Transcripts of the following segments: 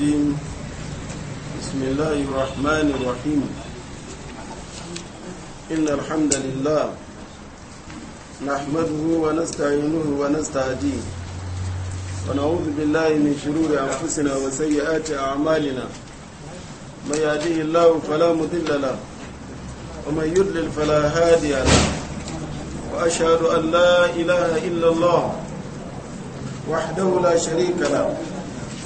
الدين بسم الله الرحمن الرحيم إن الحمد لله نحمده ونستعينه ونستهديه ونعوذ بالله من شرور أنفسنا وسيئات أعمالنا من يهديه الله فلا مضل له ومن يضلل فلا هادي له وأشهد أن لا إله إلا الله وحده لا شريك له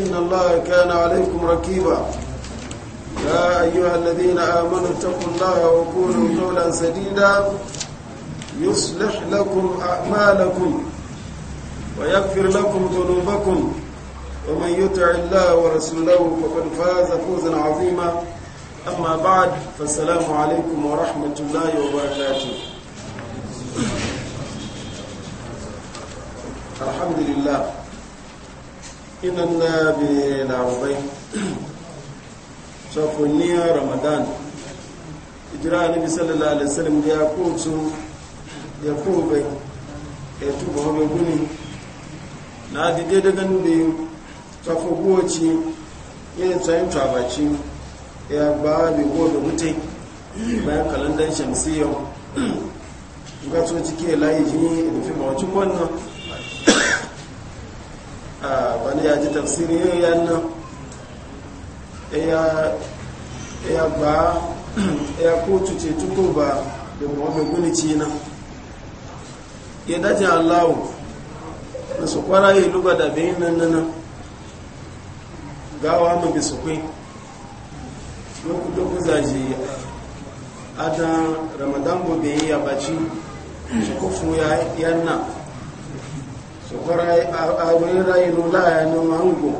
إن الله كان عليكم ركيبا يا أيها الذين آمنوا اتقوا الله وقولوا قولا سديدا يصلح لكم أعمالكم ويغفر لكم ذنوبكم ومن يطع الله ورسوله فقد فاز فوزا عظيما أما بعد فالسلام عليكم ورحمة الله وبركاته الحمد لله Inan na bi larabai shafuniyar ramadan ijira bi sallallahu alisalim wasallam ya kotu ya kobe ya tuba hobe guni na dide daga nube goci ya tsayin tabaci ya ba bi gobe mutai bayan kalandan shamsiyo ga tsoci ke layi jini da fi mawacin wannan bani ah, ya ji tafsiri yau ya ya ba ya kotu ce tuko ba da mawabin guni ci na ya dajin allahu da su kwara yi luga da bayin nan nan gawa mu bi su kwai lokuta kuzaje adan ramadan gobe ya baci shi kufu ya nan a wurin rayu la ya ni mango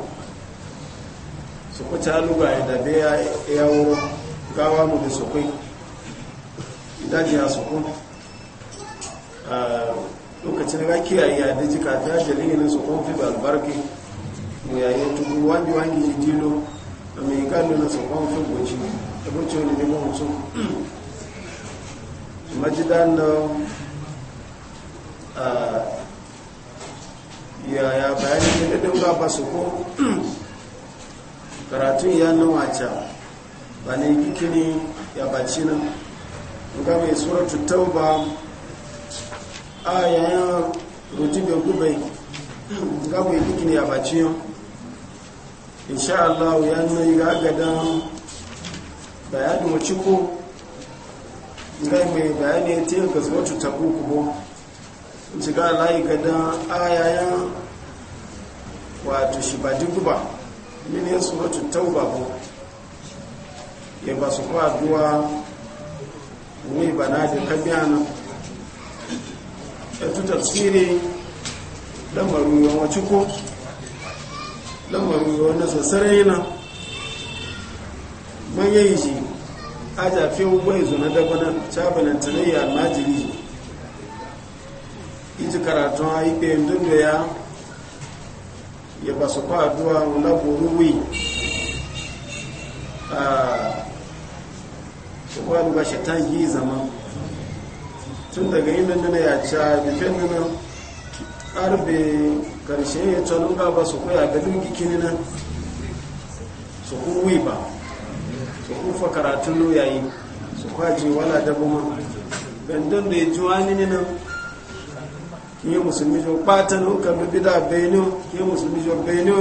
su ku ta ya dabe ya yawo gawa mu da su kai daji ya su ku lokacin da kiyaye ya da jika ta dalilin su kun fi albarki mu yayin tuku wangi wangi dilo a mai gano na su kun fi goci da goci wani ne mutum majidan na yaya bayani da daɗin ba su ko karatun ya nawa wace ba ne kikini ya baci nan ga mai suratu tauba a yayan da gubai ga mai kikini ya baci yau insha Allah ya nan ga gadan bayanin waciko ga mai bayani ta yin suratu ta kuku shiga layi gadan ayayen wato shi ba diguba mini wato tauba ko ya ba su kwa duwa wani ba na je kabiyana ya tu tafsiri lamarin wacce ciko lamarin yawan na sassara yana manyan yi shi a jafi wani na dabanan cabinan tarayya majiri iji karatun haife ikpe ya ya ah, ba su faduwa na buruwi a su ba shi ta yi zama tun daga yin dandana ya ci a nuna arbe karshe ya tsanin ba ba su koya ga dun gikini nan su kuwi ba su kufa karatun yayi su kwaji wala dabu ma gandun da ya ji wani nan kiye musulmi jo pata no kan bi da beno musulmi jo beno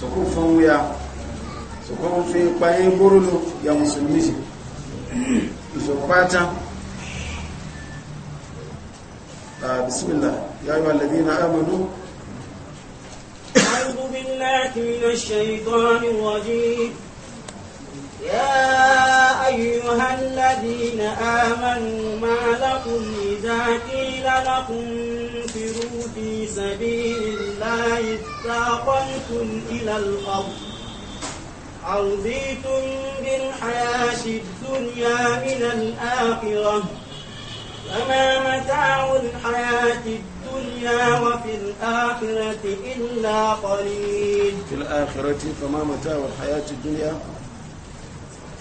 so ya so ko fe ya musulmi ji so pata ah, bisimila. ya ayyuha alladhina amanu أعوذ أيها الذين آمنوا ما لكم إذا قيل لكم انفروا في سبيل الله اثاقلتم إلى الأرض أرضيتم بالحياة الدنيا من الآخرة فما متاع الحياة الدنيا وفي الآخرة إلا قليل في الآخرة فما متاع الحياة الدنيا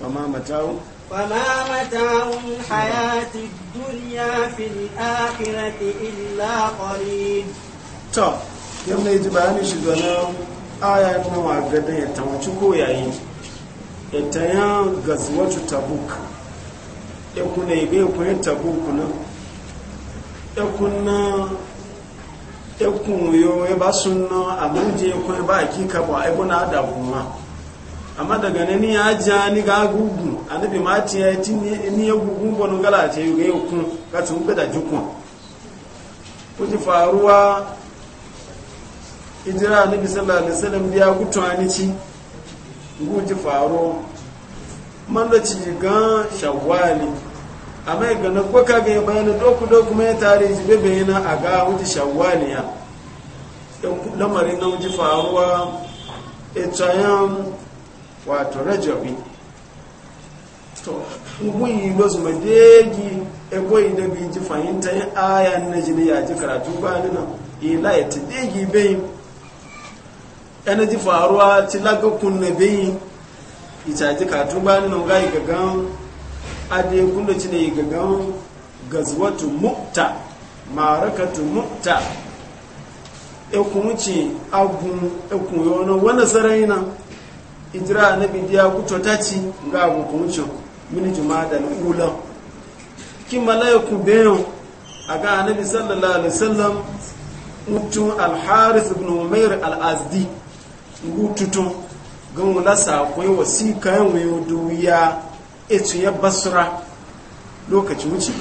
فما متاع فما متاع الحياة الدنيا في الآخرة إلا قليل to yadda ya ji bayani shi zanen aya na wagadan ya tawaci ko yayi ya taya gazuwatu tabuk ya kuna ya kuna ya kunyo ya ba sunna amma ba ba kuna da kuma amma daga nan ya ja ni ga gugu annabi ma ce ya tin ni ya gugu bonu gala ce ga yau kun ka tun da jukun kuji faruwa ijira annabi sallallahu alaihi wasallam biya gutwani ci guji faro man da ci ga shawwali amma ga na ko ka ga bayani doku doku mai tare ji be bayana a ga wuji shawwali ya lamarin na wuji faruwa e tsayan wato rajabi to ubuyi ba su madegi egoyi da bi ji fahimta yin ayan na jini ya ji karatu ba ni nuna ila e, ya ti degi bai yana e ji faruwa ci laga na bai ita e ji karatu ba ni nuna ga yi gagan ade da ci ne yi gagan gazwatu mukta ma'arakatu mukta ekunci agun ekun yawon wani sarai nan hijira annabi diya kuto taci ga agogo wuce mini juma'a da ulan kin malayaku ku beyo a ga anabi sallallahu alaihi wasallam mutum alharis ibn umair al-azdi gututun gan wula sakwai wasika yin wayo duya etu ya basura lokaci wuce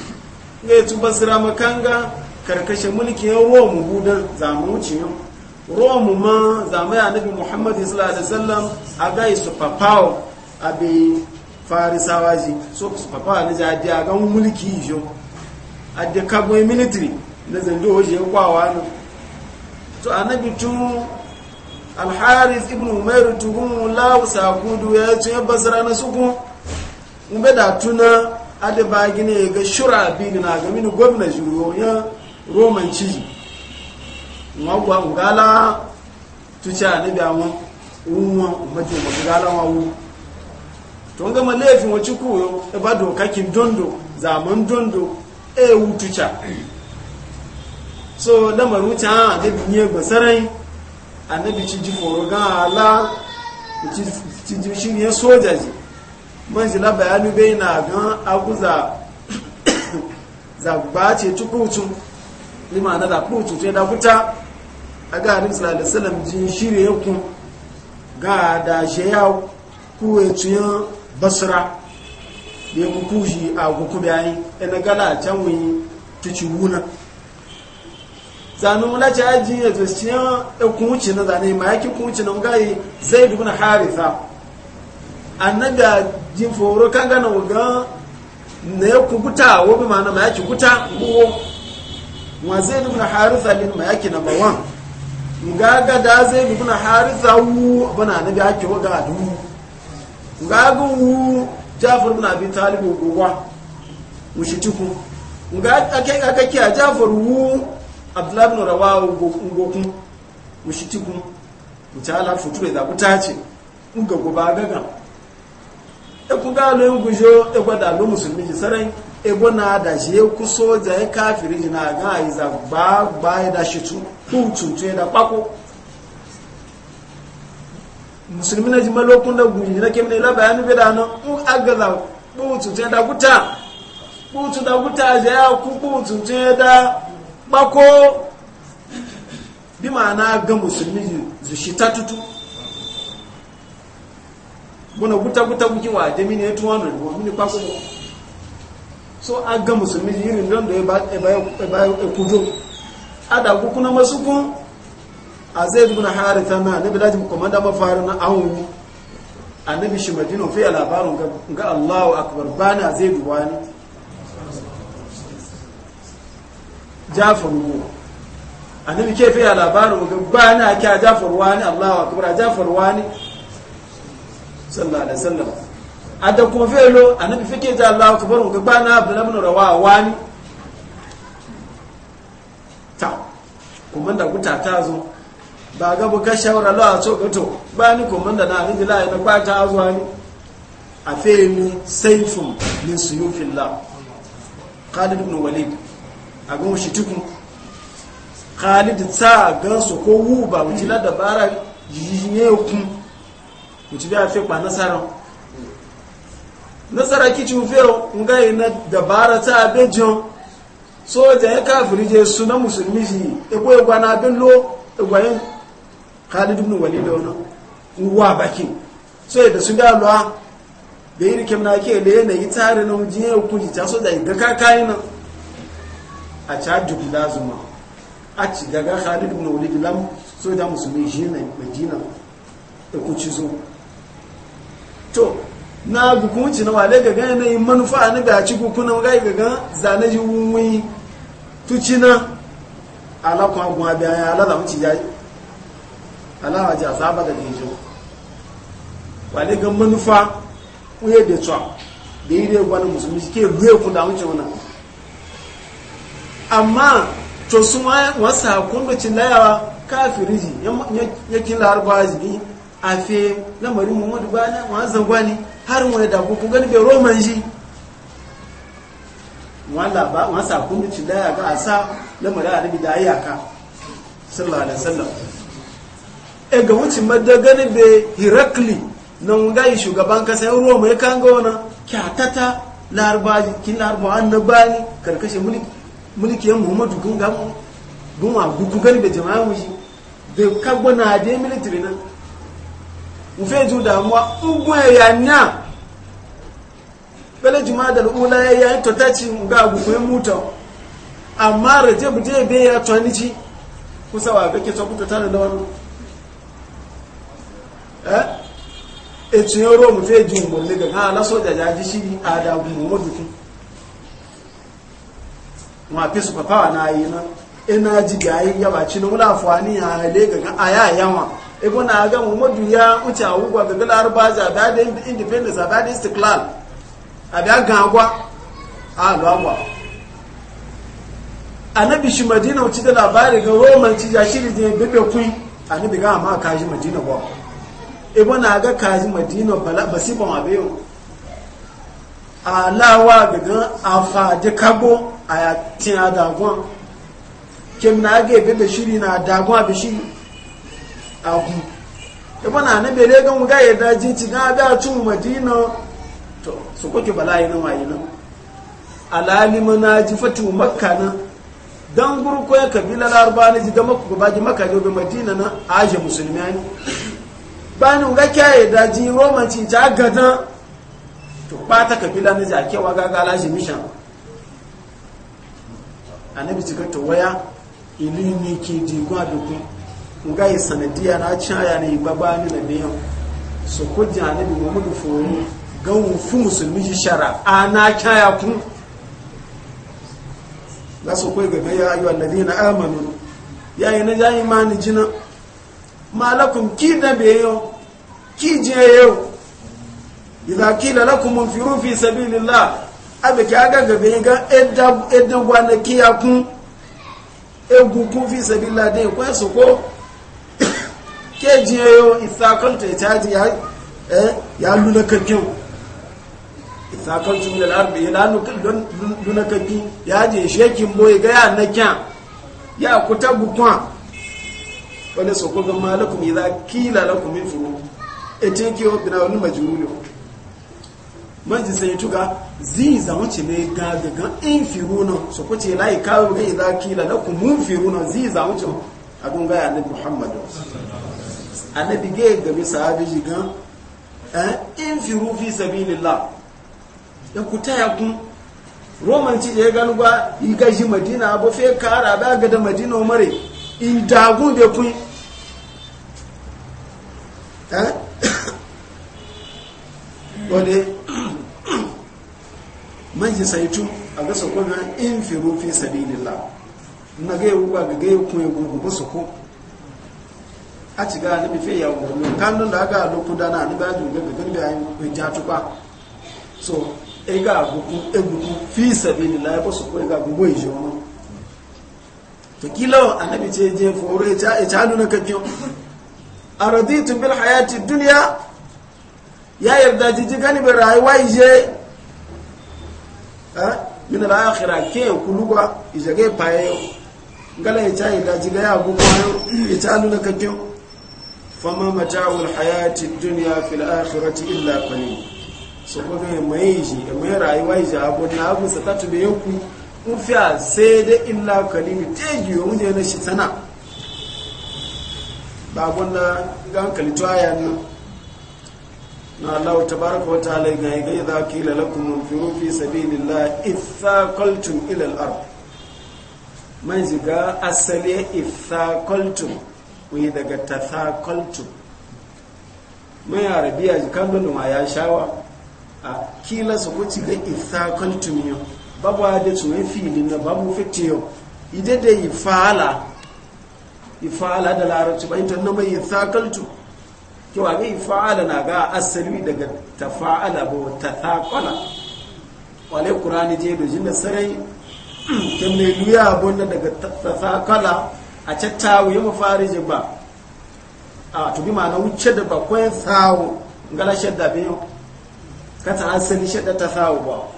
ga etu basra makanga karkashin mulkin yawon mu budan zamu wuce yau rome ma zama ya nabi muhammad sallallahu alaihi wasallam a gai su papawo a bai farisawa ji so su papawa na jadi a gan mulki jo a da kagwai military na zando waje kwawa ne to annabi tun alharis ibn umairu tuhun lausa kudu ya ce basra na suku mbe da tuna adaba gine ga shura bin na ga mini gwamna juro ya roman ciji wọn gba ngala tuce anabi àwọn wọn umarci masu gala wawo to gama laifin wacce koyo ya ba dokakin dondo zaman dondo e wutuca so lamarin wuce a anabi ne gbasarai anabi ci ji foro gan ala ci ji shi ne sojaji man shi labayanu bai na gan aguza zagba ce tukutu lima na da kutu ce da kuta aga annabi sallallahu alaihi wasallam jin shirye yanku ga da sheya ku basura e basra ya kuku shi a ku ku bayi ina e gala can ta tuci wuna zanen wula ci ji ya to shiya ya e ku na zane ma yake zai wuce na ngai zaid ibn haritha annabi jin foro kan wuga na ya ne ku guta wo bi ma na ma yake guta wo wa dubu na harisa ne ma yake na bawan ngaga da zai bi kuna harisa wu bana nabi ake waga adu ngaga wu jafar bin abi talib gowa mushitiku ngaga ake aka ki a jafar wu abdullah bin rawahu goku mushitiku mutala future da kutace nga goba gaga e ku ga lo ngujo e gwada lo musulmi sarai ebo na da shi ya ku soja ya kafiri jina ga a yi zagba ba ya da shi tuntun ya da kwako musulmi na jima lokun da guji na kemne la bayani be da nan in agaza butu te da guta butu da guta je ya ku butu te da kwako bi ma'ana ga musulmi zu shi ta tutu buna guta guta guki wa jami ne tuwa ne mini kwako so a ga musulmi irin don da ya kudo a da kuna masu kun a zai zuna hari ta na nabi daji komanda mafari na awon nabi shi madina fiye labarin ga allahu akbar ba na zai duwa ne jafar a nabi ke fiye labarin ga ba na kya jafar wani allahu akbar jafar wani sallallahu alaihi wasallam ada kuma felo annabi fike ta Allah ku baro ga bana abdullah ibn rawa wani ta kuma da ku ta zo ba ga buka shawara la so ga to bani kuma da na ni la ina ba ta zo ani a feni sayfun min suyufillah Khalid ibn Walid a ga shi tukun Khalid ta ga su ko wu ba mutila dabara yiye kun mutila fe pa nasaran nasara kici fero yi na dabara ta abejo soja ya kafiri je na musulmi shi ikwe egwa na abin lo egwa yin khalid ibn walid ono uwa baki so da su ga lo da yi rikim na ke da yanayi tare na wujin yau kuji ta soja ga kakayi na a ca jubi lazuma a ci daga khalid ibn walid lam soja musulmi shi na majina da kuci zo to na gukunci na wale ga gane na yi manufa na ga ci gukuna ga yi gaga zane ji wunwi tuci na alakon agun abin ya ala da muci yayi ala a ji azaba da gejo wale ga manufa uye da tsa da yi da gwani musulmi ke ruye ku wuce wuna amma to sun wasa hakun da cilayawa kafiri ji yakin larabawa ji a fiye lamarin muhammadu bani wanzan zangwani har wani da ku gani bai roman shi ba kun ci da ga asa lamara annabi da ayyaka sallallahu alaihi wasallam e ga wuce madda gani bai hirakli nan ga shugaban kasa yan roma ya kanga wana kyatata larbaji kin larbo annabani karkashin mulki mulki yan muhammadu gunga jama'a military mufe ju damuwa ugun ya nya bele juma da ula ya yi totaci ga gufe muta amma raje buje be ya tani ci kusa wa beke to kuta tana da wannan eh etu yoro mufe ju mo le ga na ja ji shi ada gumo mo duki ma pisu papa na yi na ina ji ga yi ya ba no la ya le ego na ga muhammadu ya wuce awugwa ga galar baja da da independence da da istiklal a biya ga agwa a lo agwa annabi shi madina wuce da labari ga roman ci ya shiri je bebe kun annabi ga ma kaji madina ba ego na ga kaji madina bala basiban abeyo alawa gaga afa de kago a tin dagon kemna ga bebe shiri na dagon abishi shiri agun yaba na na bere gan ga ya daji ci ga da tun madina to su koke bala'i na wayi nan alali manaji fatu makka na dan gurko ya kabila larba ne ji da makka ba ji makka ne madina na aje ba ni bani ga kyaye daji roman ci ta gadan to ba ta kabila na ji akewa ga ga alaji mishan anabi ci to waya ilimi ke digo dukun nga yi sanadiya na caya ne gbagba ni na biyan su kujin annabi muhammadu fori ganwu fi musulmi shara a na caya kun za su kai gaga ya ayyuwa na amanu yayi na yayi ma ni jina malakum ki da beyo ki je yau fi sabilillah aga ga fi sabilillah dai ko ke jiye ya caji ya eh, luna kankin isakaltu min arbi ya lanu luna kankin ya je shekin boye ga ya na kyan ya kuta bukwa wani sokogon malakum malakum za kila lakum furu ete ki o bina wani majrulu man sai sai tuga zi za ce ne ga ga firu infuru no soko ce lai kawo ga idza kila mun firu no zi za ce a gungaya ya nabi muhammadu annabi ga gabe sahabi jigan eh, in firu fi sabilillah ya ku taya kun roman ci ya gani ba yi gashi madina abu fe kara ba ga da madina umare in dagun da kun eh? wadda manji saitu a ga sakon in firu fi sabilillah na ga yi wuba ga ga yi kun ya gugu ba su ko a ci ga ni fe ya wo no kan don da ga lo da na ni ba ju ga ga ni ayi we ja tu pa so e ga bu ku e bu ku fi sabilillah ko su ko e ga bu bo ijo no to kilo annabi ce je foro e ta e ta nuna ka jo araditu bil hayati dunya ya yarda jiji gani bi rayuwa ije e eh min al akhirah ke kulugwa ije e ge paye ngala e ta yarda jiga ya bu ko e ta nuna ka jo fama mata'ul hayati dunya fil akhirati illa qalil so ko mai ji rayuwa ji abun na abun sa tatu be yanku mun fi sai da illa qalil teji yo mun ne shi sana babun na ga hankali to aya na na Allah tabaraka wa ta'ala ga ga idza qila lakum anfiru fi sabilillah ithaqaltum ila al-ard man jiga asali ithaqaltum kuyi daga tathakultu mai arabiya jikan don ma ya shawa a kila su kuci ga ithakultu miyo babu da tsumin filin na babu fitiyo ide da ifala ifala da larabci ba ita mai ithakultu kewa ga ifala na ga asali daga tafa'ala ba tathaqala wale kurani je dojin da sarai kemle luya bonna daga tathaqala a cattawu ya mafarije ba a to bi ma'ana wuce da bakwai tsawo gara shadda biyu kata asali shadda ta tsawo ba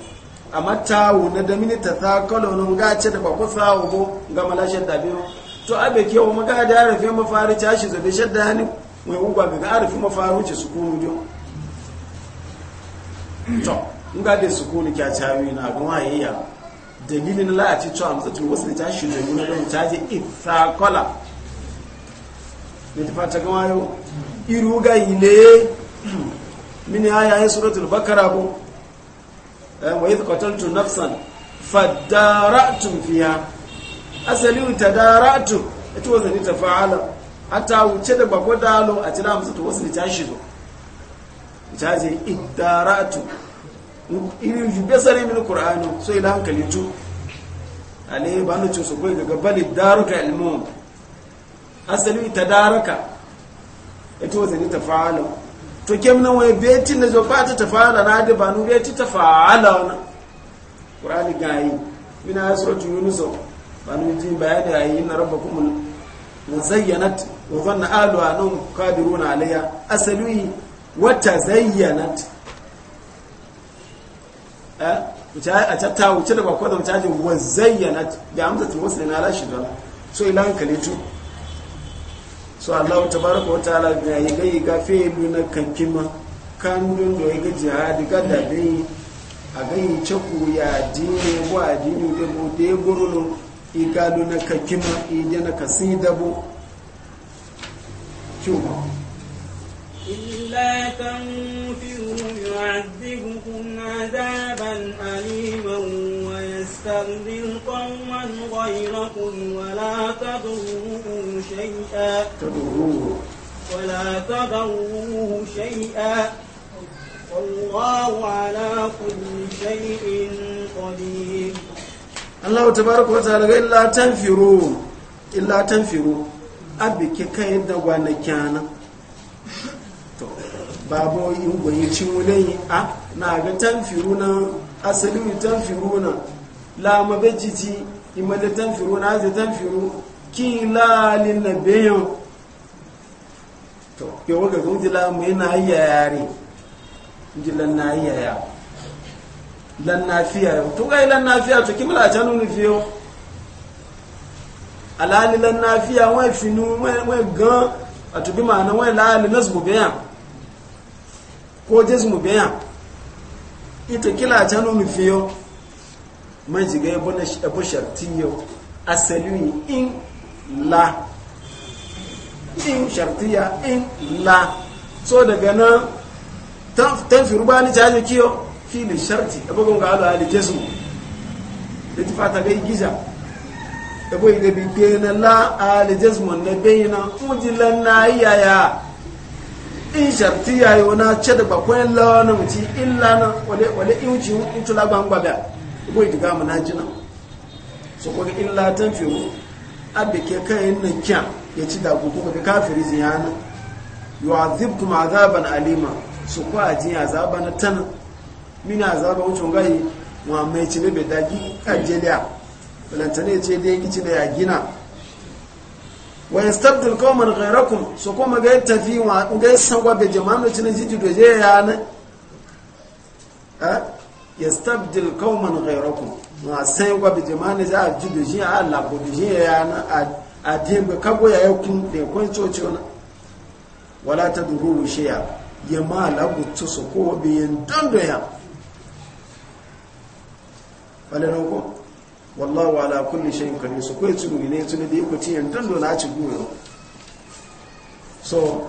amma matawu na damini ta tsawo kalonin gace da bakwai tsawo ko ga mala shadda biyu to abe ke wa maka da harafin mafari a shi zabe shadda hannu mai ugwa ga mafari wuce su kuru biyu to in gade su kuru kya cawi na gama yayya dalilin la'aci cewa amsatul wasu ta shi da nuna don ta je ithakola ne ta fata gama yau iru ga ile mini haya yin suratul bakara ko eh, wa yi kwatantu nafsan fadara'atun fiya asali ta dara'atun ita wasu ne ta fa'ala ta wuce da bako dalo a cina amsatul wasu ta shi zo ta je idara'atun irin jube sare mini ƙur'ani so idan hankali tu ale ba no cusu ko ga bali daruka ilmu asali wata eto zani faala to kem na wai beti na zo ba ta faala na da ba beti ta faala na qur'ani gayi mina suratu yunus ba banu ji bayani ayi na rabbakum nazayyanat wa dhanna alu anum qadiruna alayha asali wa tazayyanat eh a tatta wuce da bakwai da wutajin wa zayyana da amsatul muslim na rashi dala so ila hankali tu so Allah tabaraka wa ta'ala ya yi gai ga felu na kankima kandun da ya ga jihadi ga da dai a gai chaku ya dini wa dini da mu de gurulu igalu na kankima ije na kasidabo chuba illa tanfiru yu'adhibukum adab تستنزل قوما غيركم ولا تضروه شيئا ولا تضروه شيئا والله على كل شيء قدير الله تبارك وتعالى إلا تنفروا إلا تنفروا أبك كيدا ونكانا babu yin gwayi cin wulayi a na ga tanfiru na asalin tanfiru na lama be jiji imada tanfiru na zai tanfiru kin lalin na beyan to yawa ga gunji lamu yana hayyayare jilan na hayyaya lan nafiya to ga lan nafiya to kimla ta nunu fiyo alali lan nafiya wai finu wai gan a tubi ma'ana wai lali nasbu beyan ko jazmu beyan ita kila ta ni fiyo man shiga ya bane abu shartin yau asali in la in shartiya in la so daga nan tafi rubani ni yi kiyo filin sharti abu gun ga ala alike su da ti fata gai gija abu ga bi ke na la alike su wanda bai na mujilan na yaya in shartiya yau na ce da bakwai lawa na mutu illa na wale in wuce in tula gbangba biya koi diga mu na jina su ko illa latin fi abu ke kai nan kya ya ci da ku ko ka kafiri ziyana ma zaban alima kwa a jiya zaba na tan mina zaba wucin gai wa mai ci bai dagi ajeliya balantane ce dai kici da ya gina wa stabdil qauman gairakun su kuma ga tafi wa ga sanwa be jama'an da cinin jiji ya yana eh? yastabdil qauman ghayrakum ma sai gwa bi jama'an za a ji dujin a Allah ko dujin ya na a din ga kago ya yakun da kun coci wala wala taduru shay'a ya ma la gutsu su ko bi yandando ya wala no ko wallahu ala kulli shay'in qadir su ko tsuru ne tsuru da yake ci yandando na ci so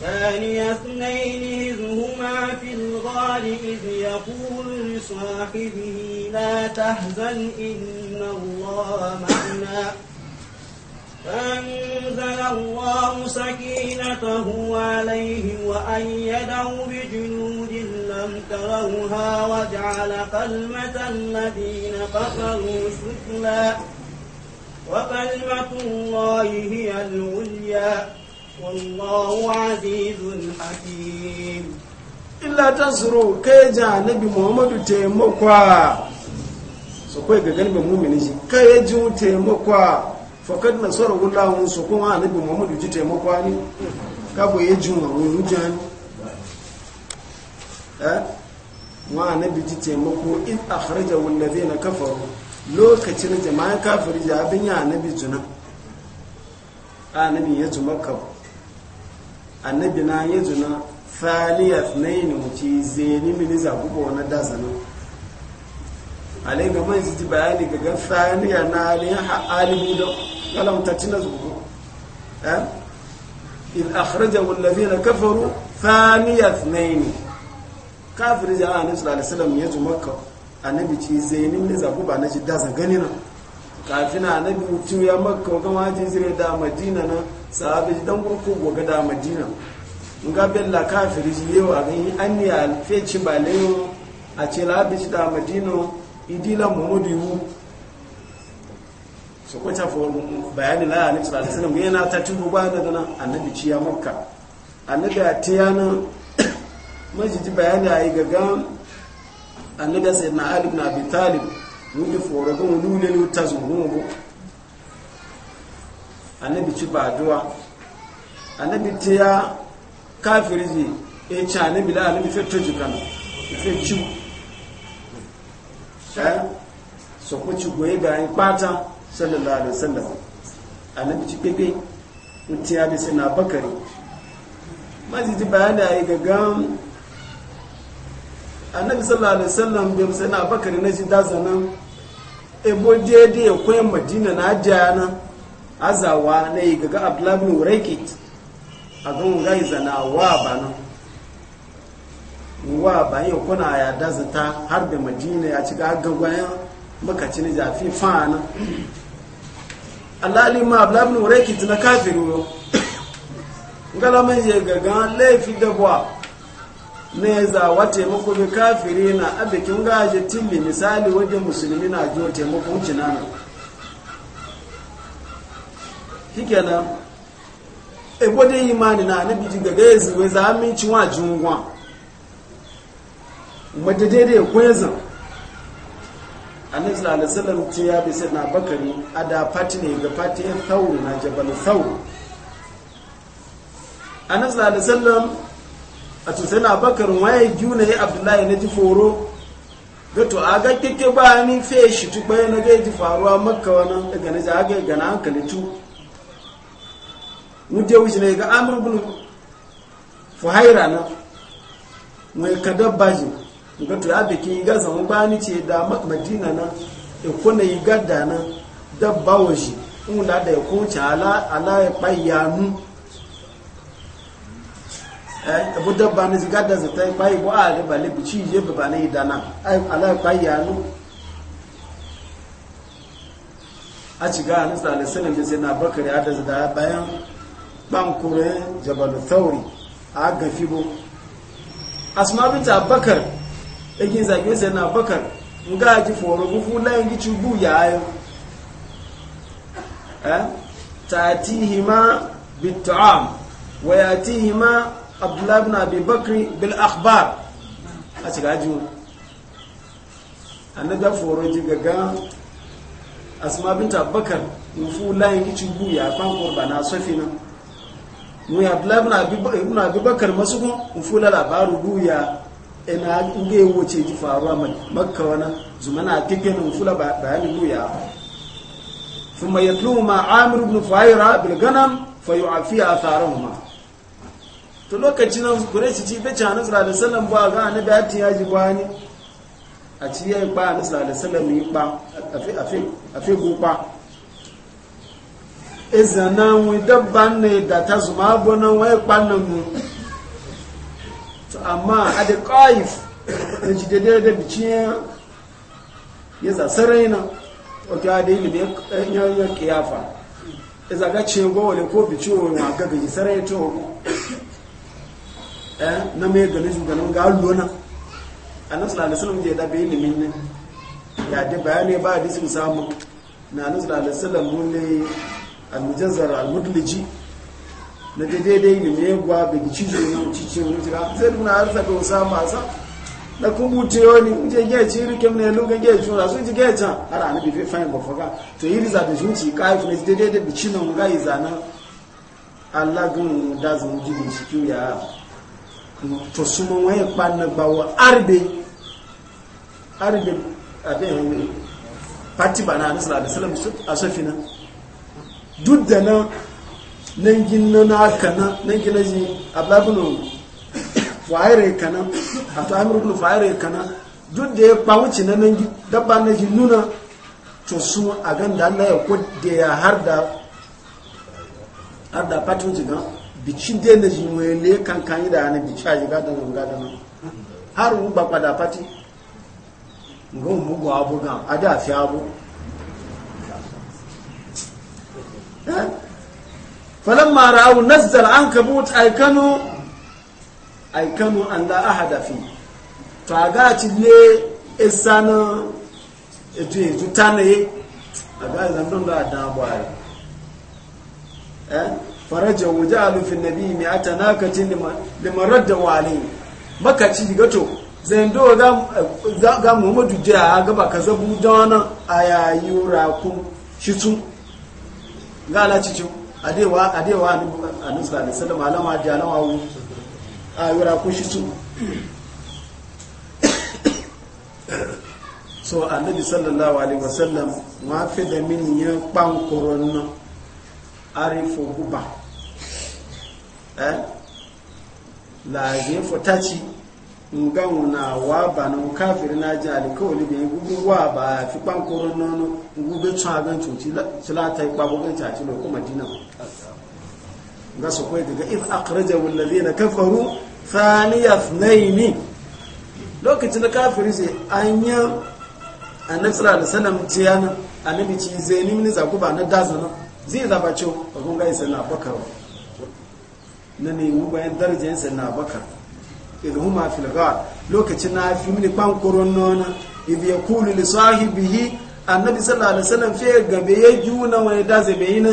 ثاني اثنين إذ هما في الغار إذ يقول لصاحبه لا تحزن إن الله معنا فأنزل الله سكينته عليه وأيده بجنود لم تروها وجعل قلمة الذين كفروا سفلا وكلمة الله هي العليا والله عزيز حكيم إلا تنصروا كيجا نبي محمد تيمكوا so kai ga galibin mumini shi kai ya ji taimakwa fakad na sauran wulawun su kuma annabi muhammadu ji taimakwa ne kabo ya ji wa wani jani eh wa annabi ji taimako in akhraja wallazina kafaru lokacin jama'an kafiri ya bin ya annabi juna annabi ya annabi na juna yanzu na thaliyat nayin wuce zeni mini zagubo na dazanin alai ga man ji bayani ga ga thaniya na alin alibu da kalam ta cina zugubo eh in akhrajahu alladhina kafaru faliyat thaniyat nayin kafir ja annabi sallallahu alaihi wasallam yanzu makka annabi ci zeni mini zaguba na ji dazan ganina kafina annabi mutum ya makka kuma ji zire da madina na sahabi dan gurku goga da madina nga bella kafiri ji yau a gani an ne a feci ba layo a ce labi da madina idila muhammadu yiwu so kwacha fa bayani la annabi sallallahu alaihi wasallam yana ta tubu ba da dana annabi ci ya makka annabi a tiyana majiji bayani ayi gaga annabi sayyidina na ibn na talib mu di foro go mu lule lu tazuru mu annabi ci ba duwa annabi ta ya kafiri ji e ci annabi la annabi fe to jikan fe ci eh so ko ci goyi ga in pata sallallahu alaihi wasallam annabi ci pepe ya bi sina bakari maji ji bayani ai gagan annabi sallallahu alaihi wasallam bi sina bakari na ji dazanan ebo dede ya koyan madina na ajiyana azawa na yi gaga abdullahi rekit a gan gai zana wa ba nan wa ba yi kuna ya dazata har da madina ya cika gagwayen makacin jafi fana alali ma abdullahi rekit na kafin yau galaman ya gaga laifi dabuwa na ya zawa taimako bai kafiri na abikin gaje tilli misali wajen musulmi na jiwa taimakon cinana shikenan ebo dai imani na annabi ji gaga yanzu wai za min ci wa jungwa madda dai dai ko yanzu annabi sallallahu alaihi wasallam ce ya bi sai na bakari ada fati ne ga fati ya thauru na jabal thauru annabi sallallahu alaihi wasallam a to sai na bakar waye juna ya abdullahi na ji foro gato a ga kike ba ni fe shi tukwaye na ga ji faruwa makka wannan daga na ja ga ga na hankali tu muje wuce ne ga amur bin fuhaira na mai kada baji ga to ya biki ga zamu ni ce da madina na e kuna eh, yi da na dabba waje in da da ya kuce ala ala ya mu eh abu dabba ne ziga da zata bayi ko a da bale bici je ba ne yi ai ala ya mu a ciga anisa alisalam da sai na bakar ya da bayan bankure jabalu thauri a gafi bu asma binta abakar ɗagin zaɓe sai na abakar nga ji foro gufu layin gici bu ya ayo eh? ti hima bit'am wa hima abdullabi na bi bakri bil akhbar a cikin ji annabi foro ji gaga asma binta abakar gufu layin gici bu ya na sofi na. mu ya abdullahi ibn abubakar masu kun ufula labaru duya ina inge wuce ji faruwa mai makka wani zumana tike na ufula bayani duya thumma yatlu ma amir ibn fayra bil ganam fayu'afi atharahuma to lokaci nan quraishi ci be cha nasra da sallam ba ga annabi ati yaji bani a ci yayi ba nasra da sallam yi ba afi afi afi gupa ezana wi dabba ne da ta zuma abona wai na mu amma a da ƙa'if da e ji daidai da biciya ya zasarai na wata e ya da e ya yanyan kiyafa ya zaga ce gowale ko biciyo wani ga gaji sarai ta eh na mai gane shugaban ga na a nasu lalisulun je da bai ilimin ne ya da bayani ba a disin samu na nasu lalisulun mun ne almujazzar almudliji na daidai ne mai gwa da gici zuwa cikin wuta zai nuna arza da wasa masa na kubute wani je ge ci ri ne lugan ge jura so ji ge ta ara ni bi fain ba faga to yiri za da zuci kai fu ne daidai da bici nan ga yi zana Allah gun da zan ji bi shi ya to waye pan na arbe arbe abin pati bana asafina duk da nan nan gina na kana nan gina ji ablabinu fa'ire kana a ta amurkulu fa'ire kana duk da ya kpawuci na nan dabba na ji nuna to su a ganda allah ya kodda ya har da har da fatin jigan bici da na ji wele kankan yi da yana bici a jiga da nan gada nan har wu bakwa da fati ga umugu abu gan a da fi abu falamma ra'u nazzal ankabut aikanu aikanu an la ahada fi to aga ci le esana etu etu tanaye aga zan don da da bwai eh faraja wajalu fi nabi mi atanakatin liman radda wali makaci gato zan do ga ga muhammadu jiya ga baka zabu dana ayayu rakum shitun gala cicu adewa adewa annabi sallallahu alaihi wasallam alama jalawa wu a yura ku shi su so annabi sallallahu alaihi wasallam ma fi da min ya pankoron nan arifo guba eh la je fotaci ngan na wa ba na kafir na ji alkawali da ya wa ba fi kwankoro nono gube tsagan cuci silata ya kwagogon caci da kuma dina ga su kwai daga if akraja wallazi na kafaru thaniya thnaini lokacin da kafiri sai an yi annabi sallallahu alaihi wasallam ci yana annabi ci zeni ni mini zaku ba na dazana zai zaba ce ga gungai sallallahu bakar na ne mu bayan darajar sallallahu bakar idhuma fil ghar lokacin na fi mini kwankoron nona ya yaqulu lissahi bihi annabi sallallahu alaihi wasallam fe gabe ya juna wani da zabe na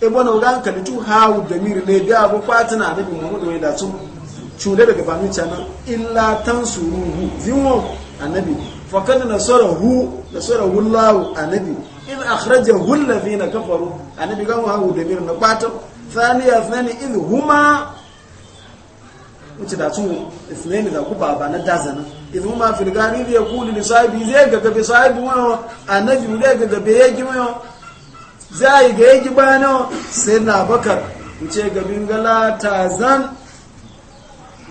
e na ga kan tu hawu da miri ne da bu na annabi muhammad wani da su cude daga bamin cana illa tansuruhu zinwo annabi faqad na nasarahu allah annabi إذ أخرجه الذين كفروا أنا بقوا هاو دمير نقاتل ثانية ثانية إذ هما wuce da su isnaini da kuba ba na dazana izu ma fi gari da kuli da sahibi zai ga gabe sahibi wani wa annabi zai ga gabe yaji wa yi ga yaji bana sai na bakar wuce gabin gala zan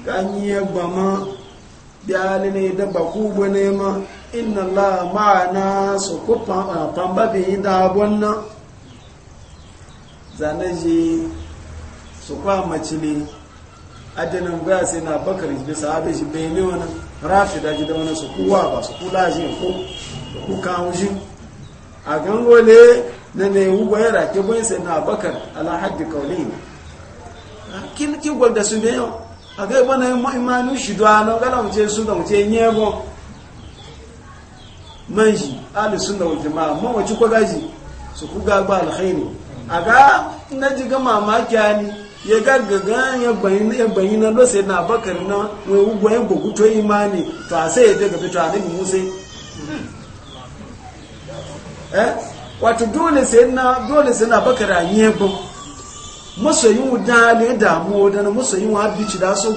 ganye bama biyali ne da baku bane ma inna allah ma'ana su kufa a tambabi da wannan zanaji su kwa macile adanan ga sai na bakar bi sahabe shi bai ne wani rafi da da wani su kuwa ba su kula shi ko ku kawo shi a gangole na ne wugo ya rake bai sai na bakar ala haddi kaulin kin kin gwal da su ne yau a ga bana imanu shi do an ga la muje su da muje nyego manji ahli sunna wal jamaa mun wace ko gaji su ku ga ba a ga na ji ga mamaki ani ya gaggaga ya bayi na lose na bakar na wai ugwa ya goguto imani to a sai ya daga fito a nabi musa eh wato dole sai na dole sai na bakar a yi yabo masoyin wuda ne damuwa da na yi wa bici da so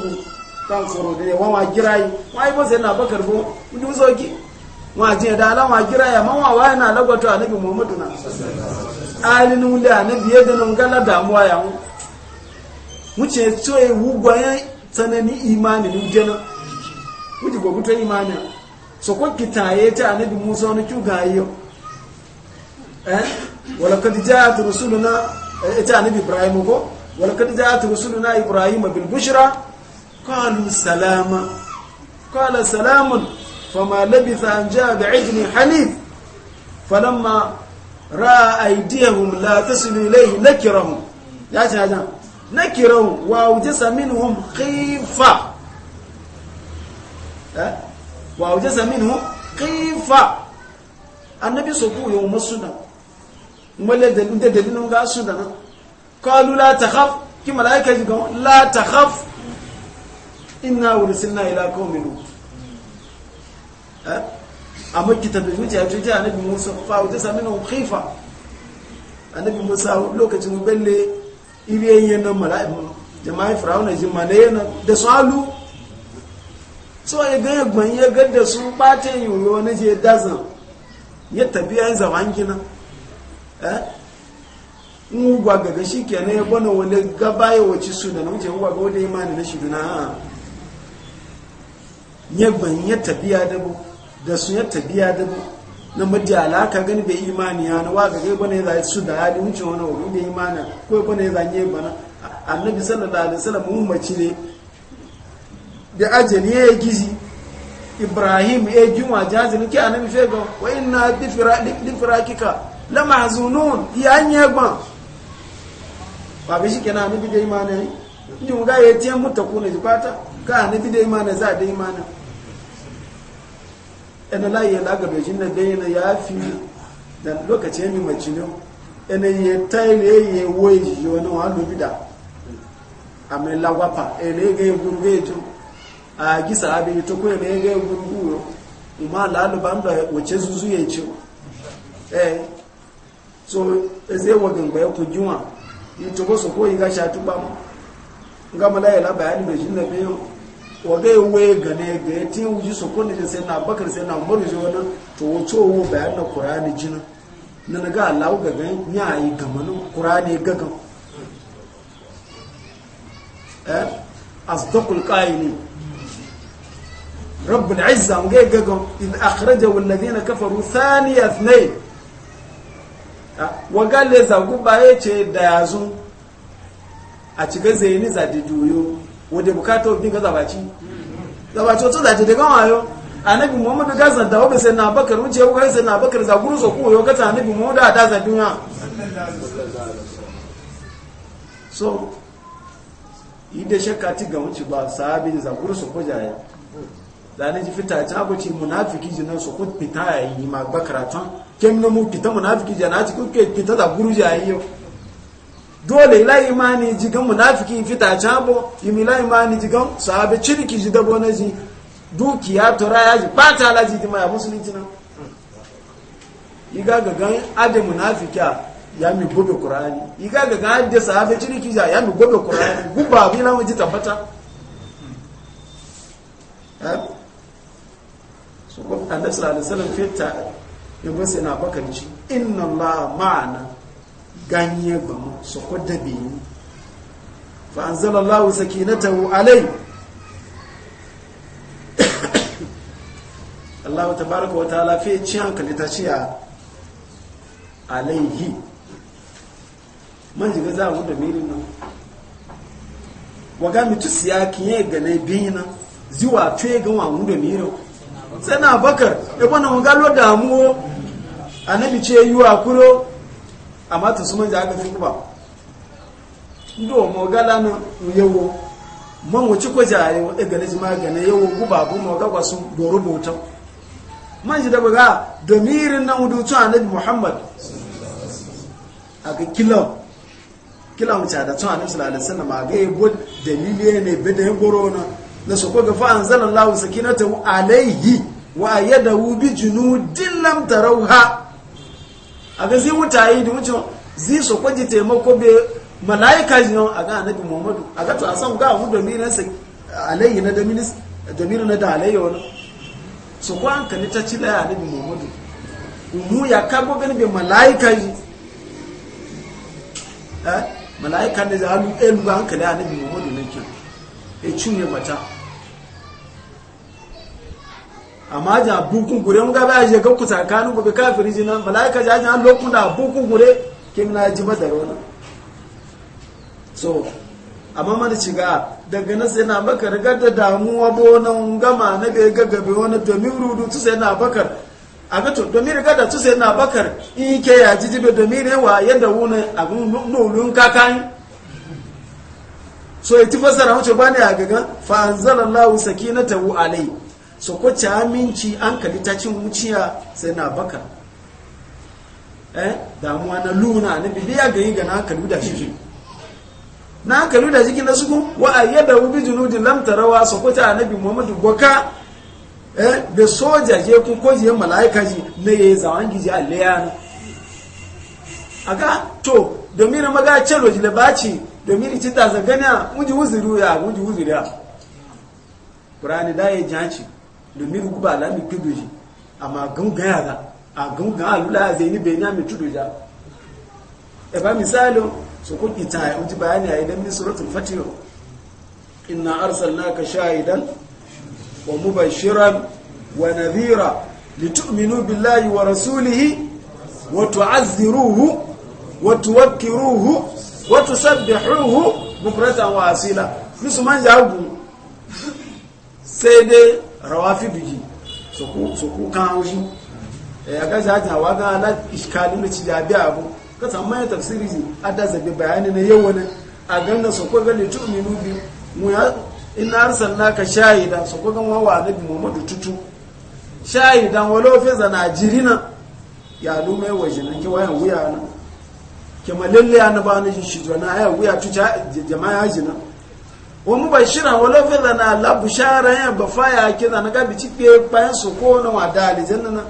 kan tsoro da yawan wa girayi wa yi masoyin na bakar bo kudu zoki wa je da ala wa giraya amma wa wa yana lagwato a nabi muhammadu na alinu wuli a nabi yadda nan gala damuwa mu. wuce tsoye wugwayen tsananin imani ni wujena wuce gwagwuta imani so kwa kitaye ta anabi musa wani kyuga yau eh wala kad ja'at rusuluna ita eh, anabi ibrahim ko wala kad ja'at rusuluna ibrahim bil bushira kwanu salama kwanu salamun fama labitha an ja da ajini hanif falamma ra'a aydiyahum la tasilu ilayhi nakirahum ya ce ya ta nakirahu wa wujisa minhum khifa eh wa wujisa minhum khifa annabi soku yo masuna mala da da da nun ga suna na qalu la takhaf ki malaika ji gon la takhaf inna ursilna ila qaumin eh amma kitabin zuciya ce ta annabi musa fa wujisa minhum khifa annabi musa lokacin belle iriyan yanan mala'ibun jama'i firawunan jin ma na yana. da su alu so ya ga ya gban ya ga da su ɓata yiwuwa na je dazan ya tafi yi zaman gina eh in gwa gaga shi kenan ya gwana wani gaba ya wace su da namce gwa ga wanda imani na shiduna ha ah. ya gban ya tabiya dabo da su ya tabiya dabo na maji alaka gani bai imani ya na waka gai bane za su da hali wuce wani wuri da imani ko ya bane za nye bana annabi sallallahu alaihi wasallam ummaci ne da ajali ya gizi ibrahim ya juma jazin ki annabi fego wa inna bi firakika la mahzunun ya nye gba ba bi shi kenan annabi da imani ne mu ga ya tiyan mutakuna jibata ka annabi da imani za da imani ene la ye la gabe na de na ya fi da lokacin mi majinu ene ye tayle ye woyi na no wa lo bida ame la wapa ene ge gurbe ju a gisa abi to ko ene ge gurbu e, ma la lo mba da wace zuzu ye ci so eze ko yi na la waga waye gane ga ya ti su sokoni da sai na bakar sai na umaru ji wani to wace wo bayan na kurani jina na na ga allahu gaga ya yi gamanin kurani gaga eh asdaqul qaili rabbul izza ga gaga in akhrajahu alladhina kafaru thaniya ithnay ah, waga le zagu baye ce da yazu a ciga zaini za juyo. wadda bukatar bin ga zabaci zabaci wata zace daga wayo annabi muhammadu gazan da wabe sai na bakar wuce wuce sai na bakar za guru so ko yo gata annabi muhammadu a dazan duniya so yi da shakka kati ga wuce ba sahabin za guru so ko jaya zane ji fita ta abuci munafiki jinan so ko fita yi ma bakaratan kem na mu fita munafiki jana ti ko fita za guru jayi yau dole la imani jigan munafiki fita chabo imi la imani jigan sahabe ciriki jidabo na ji ya tora ya ji bata la ji ma musulunci nan iga ga gan ade munafika ya mi gobe qur'ani iga ga gan ade sahabe ciriki ya mi gobe qur'ani guba bi la mu ji tabbata eh? so ko annabi sallallahu alaihi wasallam fita yabo sai na bakanci inna allaha ma'ana ganye ba mu su kwadda biyu fa an zala lawu tawo alai Allahu ta baraka wa ta'ala fi ci hankali ta ce alai man manjiga za a wuda mirin nan waga mitu kiye ga gane biyu nan zuwa tuye ga wa wuda mirin sai na bakar ya kwanan waga lo a na ce yi wa kuro amma tun su manja aka fi ba ndo mo gala no yawo man wuci ko jaye wa daga naji magana yawo guba bu mo ga kwasu doro rubuta man ji da baga na nan tun annabi muhammad A kilo kilo mu ta da tun annabi sallallahu alaihi wasallam aga yabo dalili ne be da goro na na so ko ga fa anzalallahu sakinatahu alaihi wa yadahu bi junudin lam tarawha aga zi yi da wucin zi so kwaji taimako bai malaika yi aga annabi muhammadu aga to asan ga mu domin sa na domin na da alayhi wani so kwa an kani ta cila annabi muhammadu mu ya kago gani bai malaika ji eh malaika ne za a lu elu eh, ga hankali annabi muhammadu ne ke e cinye mata amma ja bukun gure mun ga ba je ga kuta kanu ba kafiri jina malaika ja jan lokun da bukun gure kin na ji badar wala so amma mana shiga daga na sai na bakar ga da damuwa bo nan gama na ga wani domin rudu tu sai na bakar a ga to domin riga da tu sai na bakar in ke ya jibe domin rewa yadda wuna abin nulun kakan so ya ti fasara ba ne a gaga fa anzalallahu sakinatahu alayhi so ko ci aminci an kalita cin wuciya sai na baka eh damuwa na luna na bibiya ga yi ga na kalli da shi na kalli da shi na suku wa ayyada hu bi junudin lam tarawa so ko ta annabi muhammadu goka eh soja je ku ko je malaika ji ne ye zawan giji alleya aga to domin maga cero ji da baci domin ci ta zagana muji wuzuru ya muji wuzuru ya Kur'ani da ya janci domin guba la mi kidoji amma gangan yaza a gangan alula zai ni benya mi tudoja e ba misali su ku kita uji bayani a idan min suratul fatih inna sha idan wa mubashiran wa nazira litu'minu billahi wa rasulihi wa tu'azziruhu wa tuwakkiruhu wa tusabbihuhu bukratan wa asila musu man jagu sai dai rawafi biji su ku kan haushi ya eh, ga shi hajji hawa ga ala iskali da ci jabi abu ka samu ya tafsiri ji a da zabi bayani na yau wani a ganga su kwa gani tuɗi nubi mu ya ina sanna naka shahida su kwa gan wawa na bi muhammadu tutu shahidan walo feza na jirina ya lume waje na kewayen wuya na kemalin liya na ba na shi shi jona ya wuya tuta jama'a ya jina wa mubashira wa lafidha na la bushara ya bafaya kida na gabi cikin bayan su ko na wa dali jannana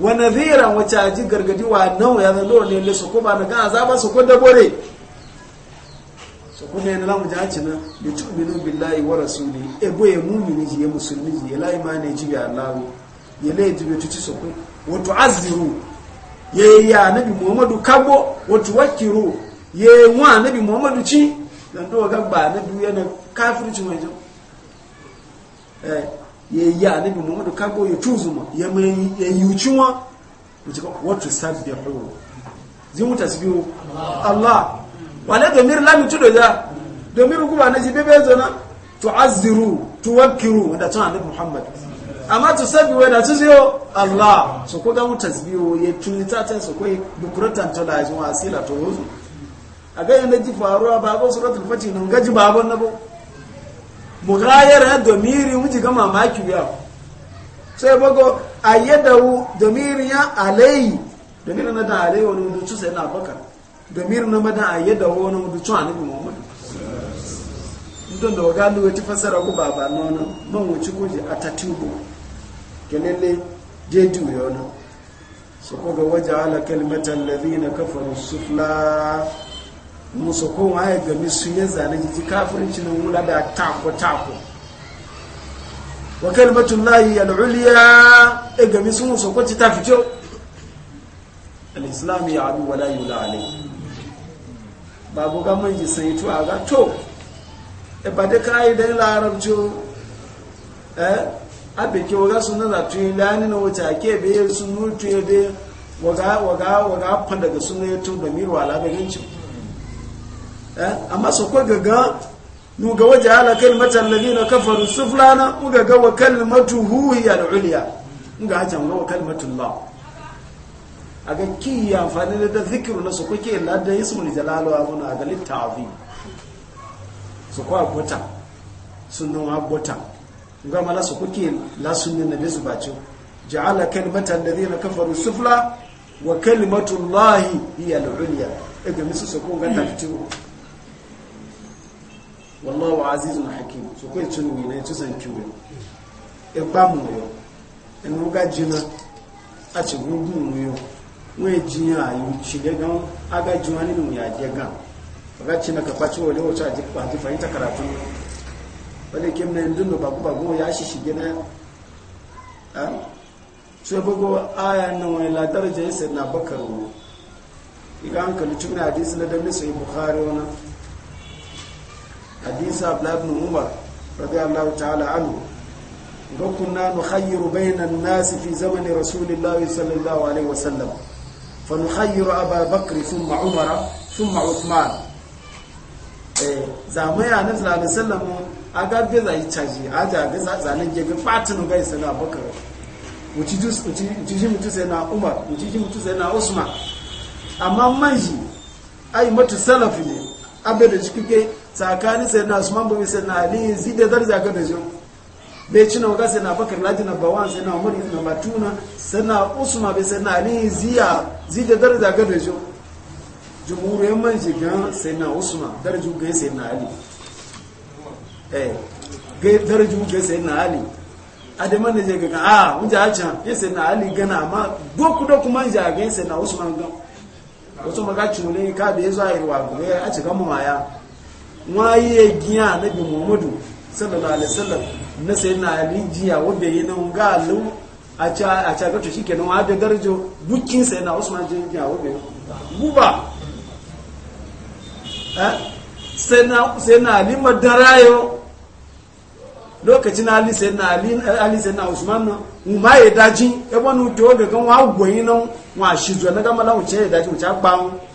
wa nadhira wa caji gargadi wa nan ya zalo ne le su ko ba na ga azaba su ko dabore su ko ne la mujaci na bi tu'minu billahi wa rasuli e boye mu'mini ji ya musulmi ji la imani ji bi allah ya le ji bi e tuci su ko wa tu'azziru ye ya nabi muhammadu kabo wa tuwakkiru ye wa nabi muhammadu ci zando ga ba na biyu yana kafirci mai jin eh, ya yi ya nabi muhammadu kago ya tuzu ma ya mai ya yi ucinwa wuce ka wato sabbi hulu zin wuta su biyu allah wale domin lami tudo da domin kuma na ji bebe zona tu'azziru tuwakkiru da tun annabi muhammad amma to sabbi wai da tuziyo allah so ko ga mutasbiyo ya tunita ta so ko bukuratan to la wasila to wuzu a ga yana ji faruwa ba ga suratul fati nan gaji ba babon na ba mu mughayara domiri muji ga mamaki biya sai bago a yadda wu domiri ya alayi domiri na da alayi wani mutu sai na baka domiri na madan wu wani mutu annabi muhammadu don da waga lu wata fasara ku baba nono man wuci kuji atatubu kelele jeju yono so ko ga waje ala kalimatan na kafin sufla musu ko ya gami su ya zane jiki kafirci na wula da tako tako wa kalimatun layi al'uliya ya e gami su musu ko ta fito al'islam ya abu wala yi wula alai babu gaman ji sai to a ga to e ba da kayi da larabci eh abe ke waga sun na tuyi lani na wuce ake be sun nutu ya be waga waga waga fanda ga sun ne to da mirwa labarin cin Eh? amma su kwa gaga nu ga waje ala kalmatar lalina kafaru suflana muga ga wa kalmatu huhiya da uliya muga hajjan wa kalmatun la a ga ki ya amfani da zikiru na su kwa ke ladda yi sun jalalo a muna a ga littafi su kwa sun sunan abuta nga mala su kuke lasunin na bisu bacin ja'ala kalmatar lalina kafaru sufla wa kalmatullahi hiya al-ulya ega misu su kun ga taftiru wallahu azizun hakim su kai cin mi ne to san kiwo e ba mu yo en mu ga jina a ci gugu mu yo mu e jinya ayu ci de gan aga juwa ni mu ya je gan aga ci na ka kwaci wale wata a jikin kwaji fahimta karatu wale kim na yanzu ba ku bago ya shi shi na a sai bugu aya na wani ladar jayi sai na bakar wani iga hankali cikin hadisi na dambe sai bukhari wani hadisa ibn umar radiyallahu ta'ala anhu ga kunna nukhayyiru bainan nasi fi zamani rasulillahi sallallahu alaihi wasallam fa nukhayyiru aba bakr thumma umara thumma uthman eh zamaya na sallallahu alaihi wasallam aga ga zai caji zanen fatin bakar mutu sai na umar mutu sai na usman amma manji ai mutu salafi ne abin da tsakanin sai na usman bin sai na ali zai da daraja ga da jin bai ci na sai na bakar laji na bawan sai na umar na batuna sai na usman bin sai na ali ziya zai da daraja ga da jin jumhuriyar man jigan sai na usman daraju ga sai na ali eh ga daraju ga sai na ali adaman da je ga ah, a mun ja can ya sai na ali gana ma goku da kuma ja ga sai na usman ga wato magacin cimule ka da ya zo a yi wa gure a cika mu maya waye giya bi muhammadu sallallahu alaihi wasallam na sai na rijiya wanda yi nan ga alu a ca a ca gato shikenan wa da darajo bukin sai na usman jin giya wanda guba eh sai na sai na ali madarayo lokacin ali sai na ali ali sai na usman na ma ya daji e bonu to ga kan wa goyin nan wa shizo na ga mala ce ya daji ta gbawo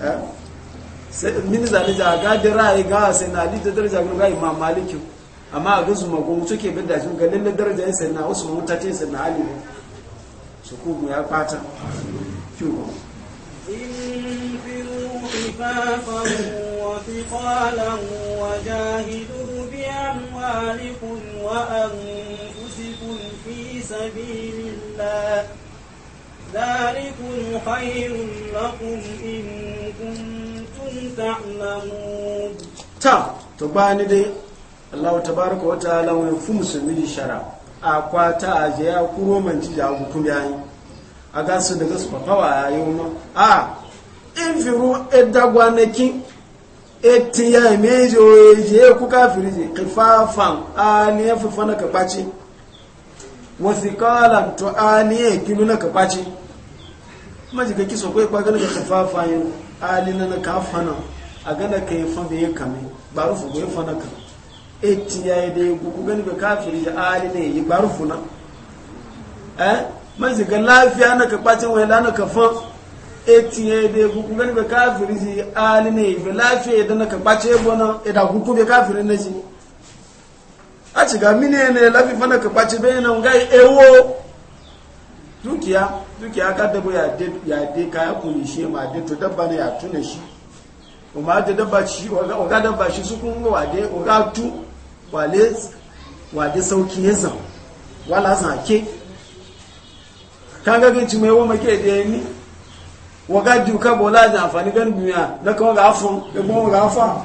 Eh? min zane ja ga da ra'ayi ga sai na ali daraja ga ra'ayi ma amma a gazu mago mu suke bin da shi ga lalle daraja ya sai na wasu mu ta sai na ali su ku mu ya fata kyuwa in خير لكم إن تعلمون ta to bani dai Allah tabaraka wa ta'ala wa fu musulmi da shara a kwata a aje ya kuro manci ja hukum ya yayi aga su daga su fafawa ya yi ma a in firu e dagwanaki, e ti ya yi mejo je e ku kafiri je kifafan a ni ne fafa na wasu wasikalan to a ni ne kinu na kabaci majika kiso kai kwagana ga kifafan yau alina na ka fana a gana ka yi fana ya kame ba rufu ko ya fana ka eti ya yi da ya gugu gani ba kafiri da alina ya yi ba rufu na eh man ziga lafiya na ka kwacin wai lana ka fan eti ya yi da ya gugu gani ba kafiri da alina ya yi lafiya da dana ka kwace gona ya e da gugu bai kafiri na shi a ci mini ne lafi fana ka kwace bai na ngai ewo dukiya dukiya ka dabo ya de ya de ka ya kuli shi ma de to dabba ne ya tuna shi o ma de dabba shi o ga dabba shi su kun ga wade o ga tu wale wade sauki ne zan wala sa ke kan ga ginci mai woma ke de ni wa ga du ka bola da afani gan duniya na kan ga afun da bon ga afa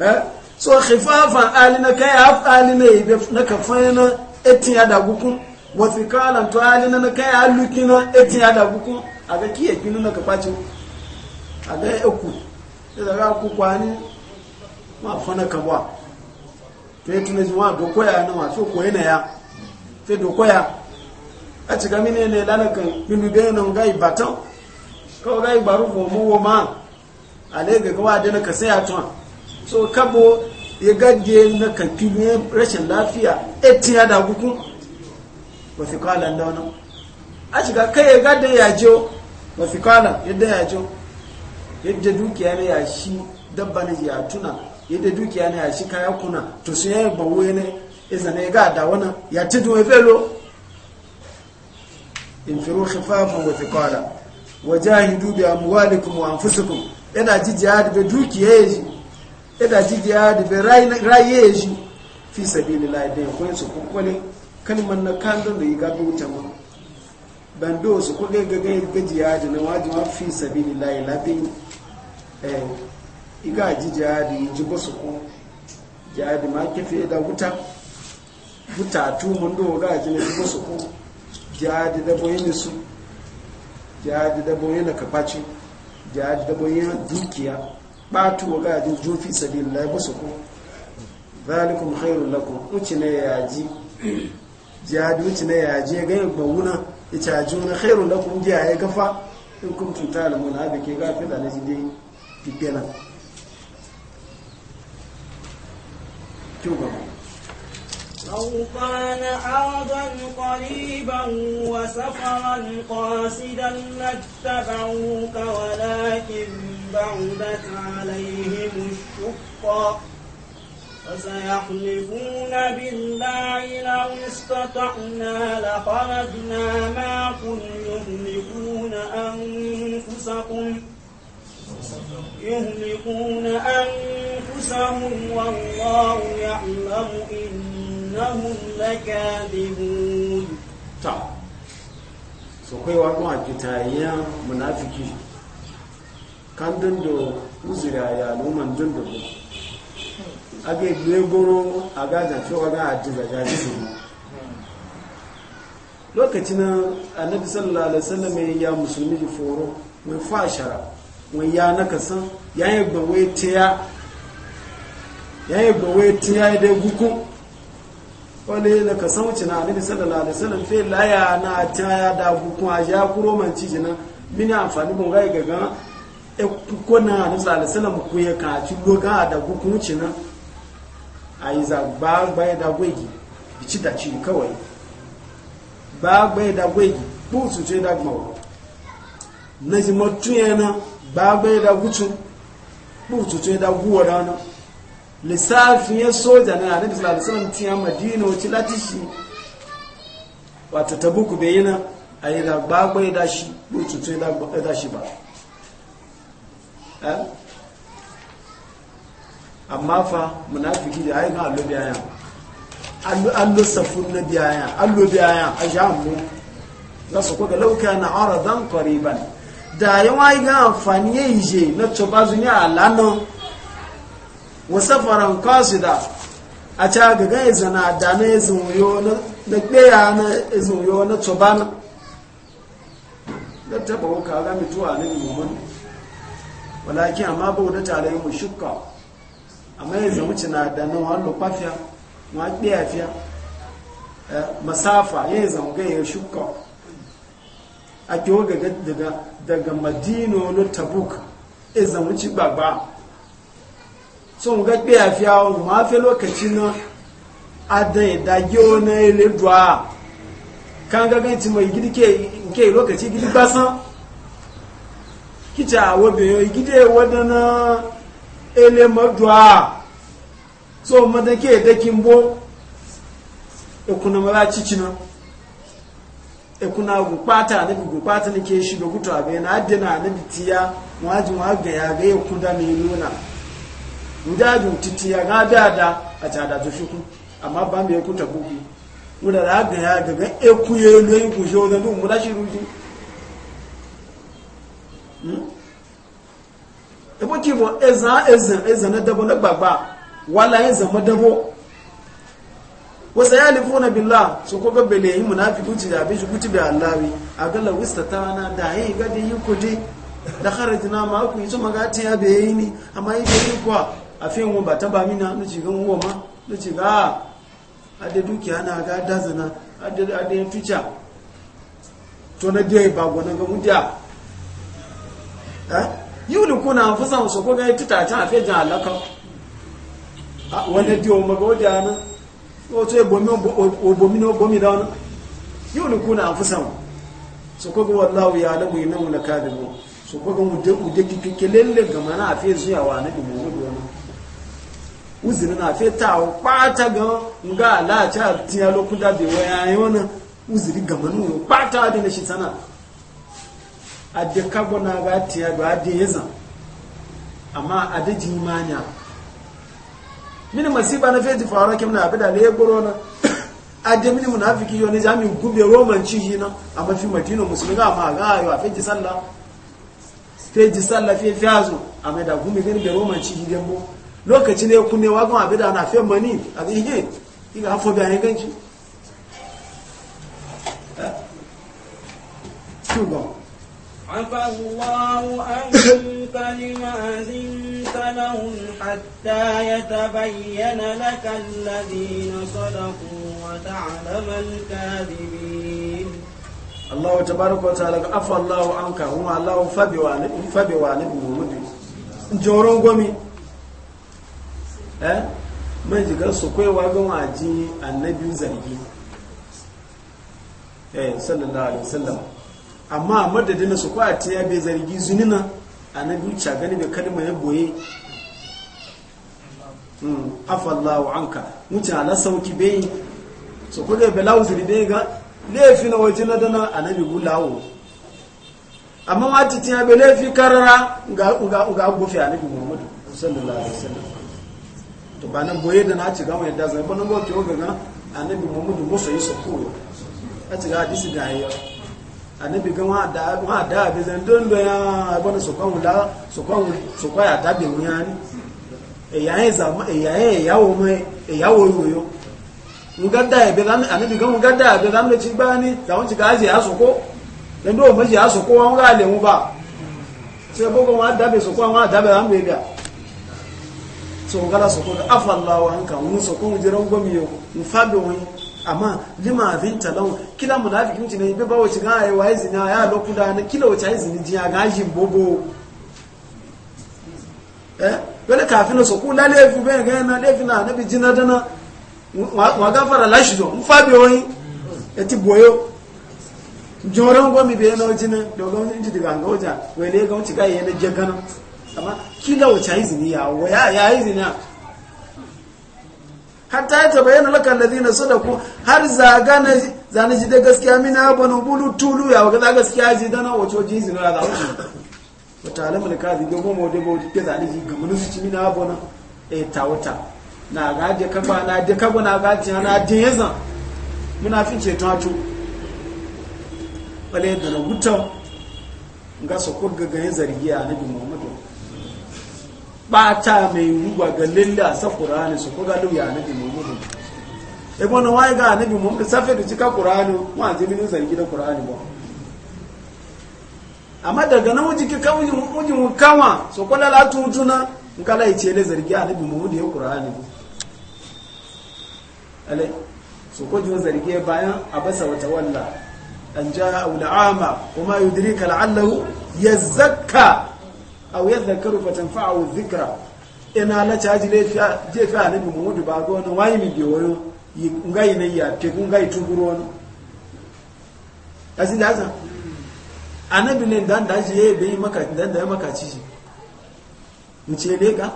eh so khifafan alina kai af alina ibe na kafana etin ya da gukun wasu kalan to hali na kai haluki na etin ya da kuku a ga kiye kinu na kapaci a ga eku da daga ku kwani ma fana ka ba to yi tunaji wa dokoya na masu koyi na ya sai dokoya a cika mini ne lanakan minu bai nan ga ibatan kawai ga ibaru ko mu wo ma ale ga kawai da na ka sai a tuwa so kabo ya gaje na kan kinye rashin lafiya etin ya da kuku wasikalan da wani a shiga kai ya gada ya jo wasikalan yadda ya jo yadda dukiya ne ya shi dabba ne ya tuna yadda dukiya ne ya shi kaya kuna to su ya bawo ne iza ne ga da wani ya ci duwe felo in firu khifafan wasikala wajahidu da amwalikum wa anfusikum yana ji jihadi da dukiya ya shi yana ji jihadi da rayi ya shi fi sabilillah dai ya kwanci kwakwale kan na kandun da yi gabi wuta ma bando su kuɗe gaga gaji ya ji na waji ma fi sabi ni layi labin eh, iga ji jihadi yi ji basu ko jihadi ma kife da wuta wuta tu mun do ga ji ne basu ko jihadi da boye ne su jihadi da boye na ja jihadi da boye dukiya tu ga ji ju fi sabi layi basu ko zalikum khairul lakum wuce ne ya ji jihadi na yaje gaya yin ya caji wani khairun na kun jiya ya kafa in kun cuta da muna haka ke gafi da na dai fitina كان عرضا قريبا وسفرا قاصدا لاتبعوك ولكن بعدت عليهم فسيحلفون بالله لو استطعنا لخرجنا معكم يهلكون أنفسكم يهلكون أنفسهم والله يعلم إنهم لكاذبون so kai wa kuma kitaya munafiki kan dindo a yalu man dindo aga ebile goro aga zafi waga a ji zaga ji su lokacin annabi sallallahu alaihi wasallam ya musulmi ji foro mai fashara mai ya na kasan ya yi gbawe tiya ya yi gbawe tiya da guku wani na kasan wuce na annabi sallallahu alaihi wasallam fe laya na tiya da guku a ya kuro man ci jina mini amfani ban ga gaga ekukona annabi sallallahu alaihi wasallam ku ya kaci loga da guku wuce na a yi za ba gbaye da gwegi bici da ci kawai ba gbaye da gwegi bu su ce da gmawa na ji matu yana ba gbaye da gutu bu su ce da guwa rana lissafin ya soja na anabi sallallahu alaihi wasallam tiya madina wace latishi wato tabuku bai yana a yi za ba gbaye da shi bu su ce da shi ba eh? amma fa munafiki da ayin allo aya allo safun na biyaya allo aya a jamu na su kuka lauka na aradan qariban da yawa ga amfani ya ije na tuba zuniya alano wa safaran qasida a ta gaga ya zana da na ya zuyo na gbeya na ya zuyo na tuba na da taba wuka ga mutuwa ne mu walakin amma bauda tare mu shukka amma yanzu wuce na da nan wallo kwafiya ma ɗaya fiya eh, masafa ya yi zanga ya shuka a kiwo daga daga madino na tabuk ya zama ci gbagba so mu ga ɗaya fiya ma fi lokaci na adan idage na ile duwa kan gaganci mai gidi ke lokaci gidi basan kica a wabe gidi waɗannan ele madwa so madan ke da kimbo e kuna mala ekuna e kuna gupata da gupata ne ke shi da gutu a bayan adina na bitiya waji waga ya ga ya kuda ne nuna ndaji titiya ga dada a tada zufiku amma ban bai kuta buku wanda da ga ya ga e kuye loyin kujo da mu da shi ruji ebo ki bo eza eza eza na dabo na gbagba wala eza ma dabo wasa ya lifuna billah so ko gabbele yi munafiku ci da bi shukuti bi allahi ta na da yi gadi yi kudi da kharajna ma ku yi to magati ya be yi ni amma yi be kwa afin wo bata ba mina no ci gan wo ma no ci ga da ah, dukiya na ga dazana ade ade tucha to na dai ba gona ga mudiya eh? yulu kuna anfusan su ko ga tuta ta afi jan alaka wanda dio mago jana o to e bomi o bomi no bomi da wani yulu kuna anfusan su ko ga wallahu ya alamu innahu lakadibu su ko ga mudde udde kike lelle ga mana afi zuya wa na dubu wani uzini na afi ta o pata ga nga ala cha tiya lokuda de waya yona uziri gamanu pata de ne shi sana'a. adi kabo na ga tiya do adi yeza amma adi jimanya mini masiba na feji faro kim na abida le gboro na adi mini munafiki yo ne jami gube roman ciji na amma fi madina musulmi ga ma ga yo a feji sallah feji sallah fe fiazo amma da gumi gani be roman ciji den bo lokaci ne kunne wa ga abida na fe mani a abi ihe iga hafo bi ayin ganci Tuba. Eh? عفى الله عنك لما أذنت لهم حتى يتبين لك الذين صدقوا وتعلم الكاذبين الله تبارك وتعالى عفى الله عنك هو الله gomi eh mai jigar su kwaiwa gan wajen annabi zargi eh sallallahu alaihi wasallam amma a madadin su kwa ya bai zargi zunina a na duca gani da kalma ya boye hmm, afallawa an ka wuce ala sauki bai su kudai belawu wuzuri bai ga laifin na waje na dana a na bi gulawo amma wata tiya bai laifin karara ga gufe a na nabi muhammadu sallallahu alaihi wasallam to ba nan boye da na ci gama yadda zai ba nan ba ke gaga a na nabi muhammadu musayi su kowa a ci ga hadisi da ayyau anabi gan wa da wa zan don ya abona so ya ani e ya e za e mu da gan mu ga da be lan le ni za won ti ga ji aso ko le do ga mu ba da be ga so mu so mu amma lima fin talon kila munafiki mutu ne ibe bawo shiga ayi wa izini ya lokuda na kila wace izini jiya gajin bobo eh wala kafin so ku lale fu be ga na le fina na bi jina dana wa gafara lashi zo mfa be wani eti boyo joran go mi be na jina dogon inji diga ngoja wele ga mutu ga yana jagana amma kila wace izini ya wa ya izini hatta ya tabayyana laka alladhina sadaku har zaga na zani ji da gaskiya mina banu bulu tulu ya gaskiya ji dana wato zina da wata alamun kazi gogo mo de ke su ci mina e, tawata na ga kaba na je kaba na ga na je muna fi bata mai rugwa ga lilla sa qur'ani su kuga ga luya na bi muhammadu e bona waye ga na bi muhammadu safe da cika qur'ani wa je bin zan gida qur'ani ba amma daga nan wuji ki kawo wuji mu kama so ko la tujuna in kala yace le zargi mu muhammadu ya qur'ani alai so ko jin zargi bayan abasa wata walla an ja'a ul ama kuma yudrika la'allahu yazakka aw yadhakkaru fatanfa'u dhikra ina la chaji le fi je fi ani mu mudu ba go no wayi mi je woyo ngai ne ya te ngai tuguru wono azin daza anabi ne dan da je be maka dan da maka ci shi mu ce le ga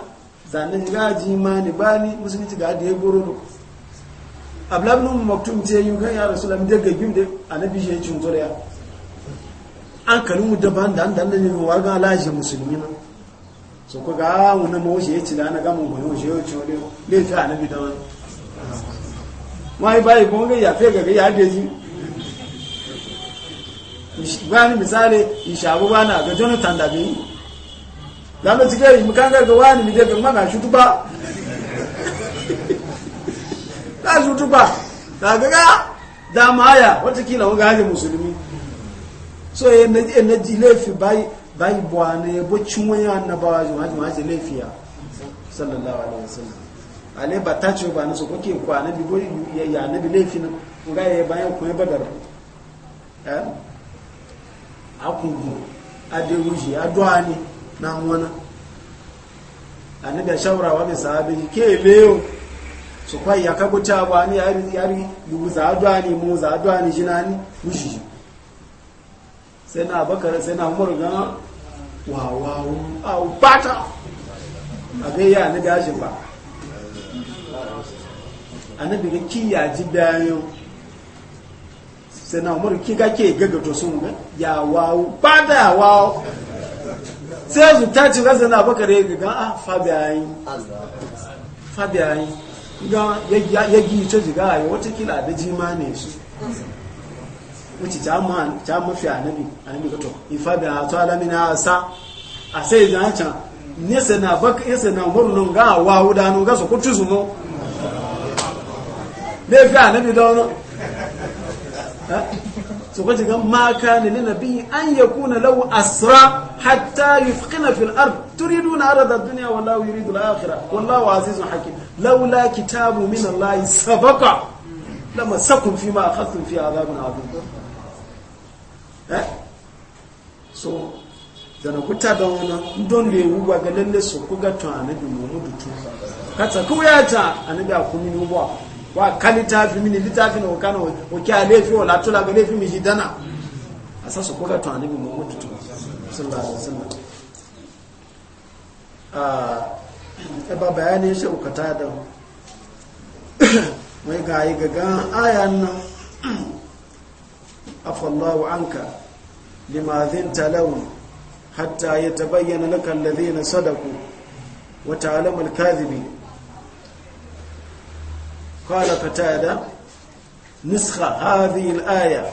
zanin gaji mani ni musulunci ga da ya goro no ablabnu maktum ce yukan ya rasulullah daga gimde anabi je cin toriya an kanu mu da ban da an da an ne wa ga laje musulmi na so ko ga mu na mu shi yace da na ga mu mu shi yace wale le ta na bidan wani mai bai ko ga ya fe ga ya de ji bani misali ishabu bana ga Jonathan da bi da mu tike mu kan ga wani mi de ga maka shutu ba da shutu ba da ga da maya wata kila mu ga musulmi so yana ji laifi bayi buwa na yabo cinwon ya annabawa jimaji maji laifiya sallallahu alaihi wasallam ale ba ta ce ba nasu kuke ku annabi ko ya annabi laifi nan ga ya bayan ku ya badar eh akugu adewuji adwani na mwana annabi shawara wa sahabi ke leo su kwai ya kabuta ba ni yari yari dubu za adwani mu za adwani jinani mushi sai na bakar sai na umar gan wawawu a bata a gayya na gashi ba annabi ga kiya ji bayan sai na umar ki gake gagato sun ga ya wawu ba da ya wawu sai su ta ci gasa na bakar ya gaga a ah, fabiyayi fabiyayi ga ya gi ta jiga ya watakila da jima ne su wuce ta mafi annabi annabi gato ifa da to alamina sa a sai da can nesa na bak nesa na murnu ga wa wudanu ga su kutu su mo ne fi annabi da wani su kwace ga maka ne na nabi an ya kuna lau asra hatta yi fikina fil ard turidu na arada duniya wallahu yuridu al-akhirah wallahu azizun hakim laula kitabu min allahi sabaka lama sakun fi ma akhadtum fi azabin azim eh so zana kuta da wani don da ya wuba ga lalle su kuga tun anabi muhammadu tun kata kuya ta anabi a kumi ni wa wa ka littafi mini littafi na wakana wake a laifi wa latula ga laifi miji dana a sa su kuga tun anabi muhammadu tun sallallahu alaihi wasallam a ah, eh, ba bayanin shi ukata da mai ga yi gaga ayan nan afallahu anka lima zinta lahu hatta yatabayyana laka da sadaku wa ta'lamu al-kadhibi qala qatada nuskha hadhihi al-aya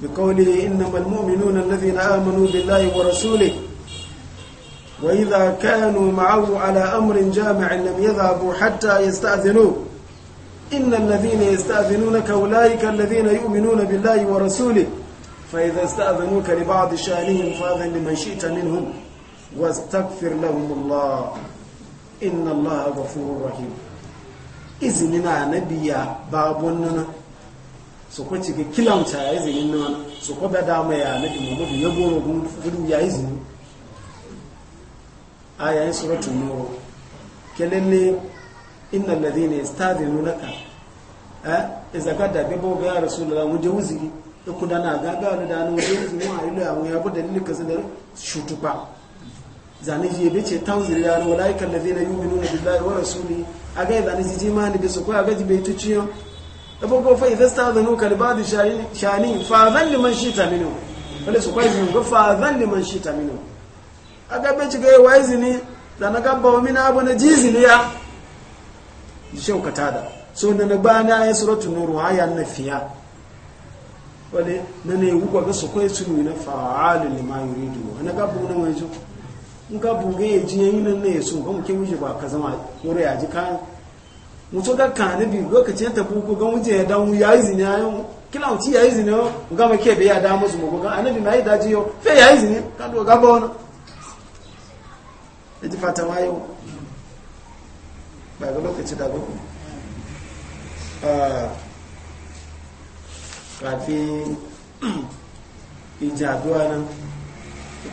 biqawlihi innamal mu'minuna alladhina amanu billahi wa rasulihi wa idha kanu ma'ahu ala amrin jami'in lam yadhhabu hatta yasta'dhinu إن الذين يستأذنونك أولئك الذين يؤمنون بالله ورسوله فإذا استأذنوك لبعض شأنهم فأذن لمن شئت منهم واستغفر لهم الله إن الله غفور رحيم إذننا نبيا بابوننا so ko cike kilanta ya izinin nan so ko bada ma ya nabi Muhammadu ya goro gudu ya izini aya in suratul nur kelele innal ladhina yastadinunaka eh izaka da bebo ga rasulullah mu je uzuri ikuda na gaga da dano wajen zuwa ilo ya wuya bude dalilin kasu da shutuba zane ji bai ce tanzir ya no laika allazina yu'minuna billahi wa A aga zane ji jimani bi su ko aga ji bai tuciyo da bogo fa idza sta'dhanu kal ba'd shani fa dhan liman ta minhu wala su kai zunga fa dhan liman shita minhu aga bai ci ga waizini zana gabba wa mina abu na jiziliya shauka tada so da na bana ya suratu nur wa ya nafiya wale na ne wuka ga su kai su na fa'alu lima yuridu ana ga bu na mai jo in ga bu ya yaji yayin nan ne so ga muke miji ba ka zama kore ya ji ka mutu ga ka ne bi lokacin ta bu ko ga muje ya dan ya izini ya yau kila uti ya izini yo ga ma ke be ya da musu mu ga anabi mai daji yo fe ya izini ka do ga bona eji fata wayo ba ga lokaci da ba ah. kafin ijaduwa nan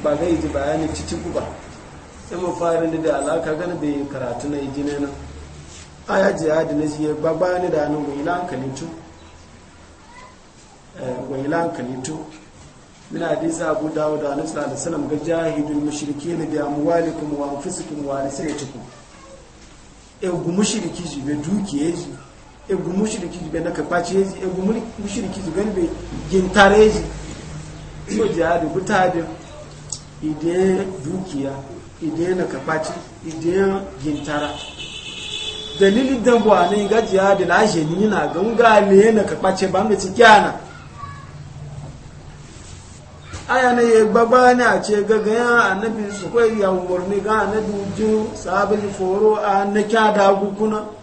ba ga iji bayani cici kuba sai mu fara ni da alaka gana bai karatu na iji ne nan a ya jihadi na shi ba bayani ni da nan waila hankali tu eh, waila hankali tu da hadisi abu dawo da annabi sallallahu da wasallam ga jahidul mushrikin bi amwalikum wa sai ya tuku e gu mushriki ji be dukiye ji egu mushriki be na kapaci ezi egu mushriki be gintare ezi so jihadi butadi idan dukiya idan na kapaci idan gintara dalili dabuwa ne ga jihadi na ashe ni na ganga ne na kapaci ba mu kyana aya na ye gbagba ne a ce gaga ya annabi su kai yawon ne ga annabi ju sabin foro a na kyada gukuna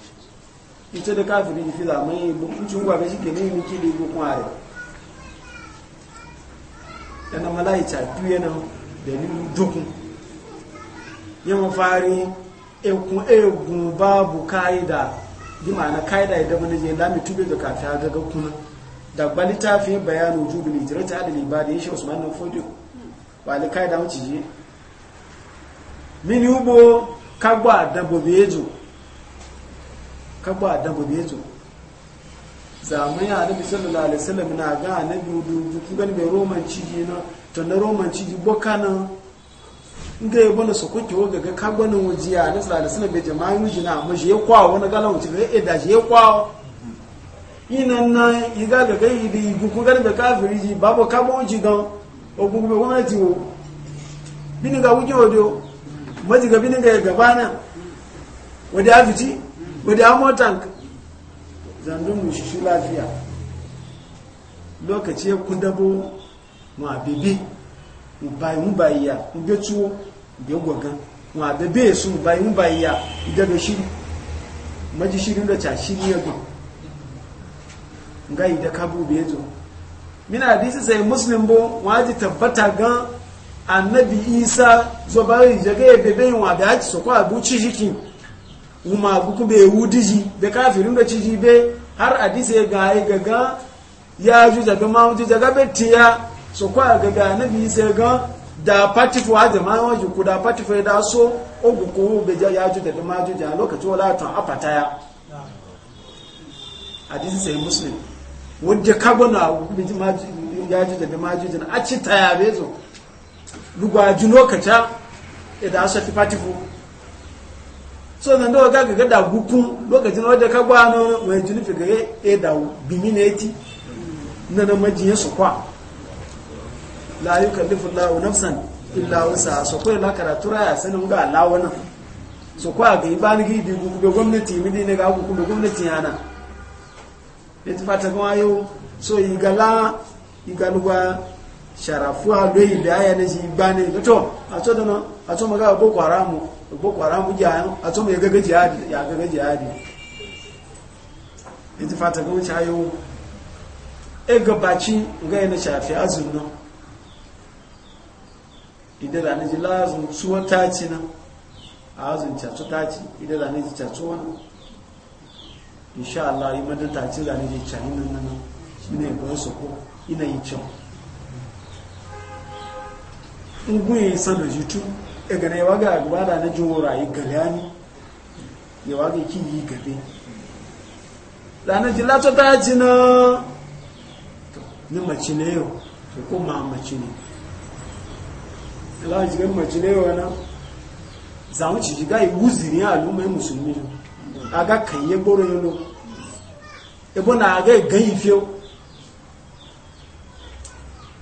ita da kafiri ji fila mai bukuncin gwabe shi ke ne yi kili gukun are yana malaita biyu yana da ninu dukun yamma fari ekun egun babu ka'ida bi ma'ana ka'ida idan wani je lami tube da kafi ta gaga kuna da ba littafin bayanin jubili jirata adali ba da ya shi usman na fodiyo ba ni ka'ida wuce je mini hubo bo dabbobi ya kagba da mu zamani a nabi sallallahu alaihi wasallam na ga na dudu kun gani mai roman ciji na to na roman ciji boka na nga yabo na so kuke ga kagbanin wajiya na sallallahu alaihi wasallam bai jama'a na amma shi ya kwawo wani galan wuce ga eda shi ya kwawo yinan na iga ga ga yi da gani kafiri ji babu kagba ogun bai wo bini ga bini ga gabana wadda ya wadda ya motan zandun mu shi lafiya lokaci ya kundabo ma bibi mu bayi mu bayi ya mu ga tuwo ga gwagan ma bebe su mu bayi mu bayi ya daga shiri maji shirin da ca shiri ya gwa yi da kabu bai zo mina hadisi sai muslim bo waji tabbata ga annabi isa zo bari jaga ya bebe yin, wa da haci so kwa abuci shikin uma kuku be ji be kafirin da ciji be har hadise ga ai gaga ya ju daga ma wuji daga betiya so kwa gaga na bi se ga da patifu ha da ma waju ku da patifu da so ogu ko be ja ya ju daga ma ju ja lokaci wala ta apata ya hadisi sai muslim wanda kabona be ji ma ya ju daga ma ju a ci ta ya be zo lugwa ju lokata e idan asa ti patifu so na ndo ga ga da gukun lokacin wajen ka gba no mai jini fi ga e da bimi na eti na na majiye su kwa la yukallifu Allahu nafsan illa sa, so ko la karatu raya sanin ga Allah wannan so kwa ga ibani gi bi gugu be gwamnati mi ne ga gugu be gwamnati yana ne ti fata kuma yau so igala igalugwa sharafu a loyi da aya ne shi ibani to a to dana a to maga boko haramu boko haram jihanu a tsohon ya gaga jihadi ya gaga jihadi ita fata ga wuce hayo e gabaci ga yana shafi azun nan idan da niji lazun suwa taci na a azun cacu taci idan da niji cacu wani insha Allah yi madan taci da niji cani nan nan ina yi su ko ina yi can yi san da egana yawaga agbada na jora yi ya yawaga ki yi gabe lana ji lato ta ji na ni mace ne yau to ko ma mace ne ala ji ga mace ne yau na za mu ci ji ga wuziri ya lu mai musulmi aga kan ye boro yelo ebo na aga ga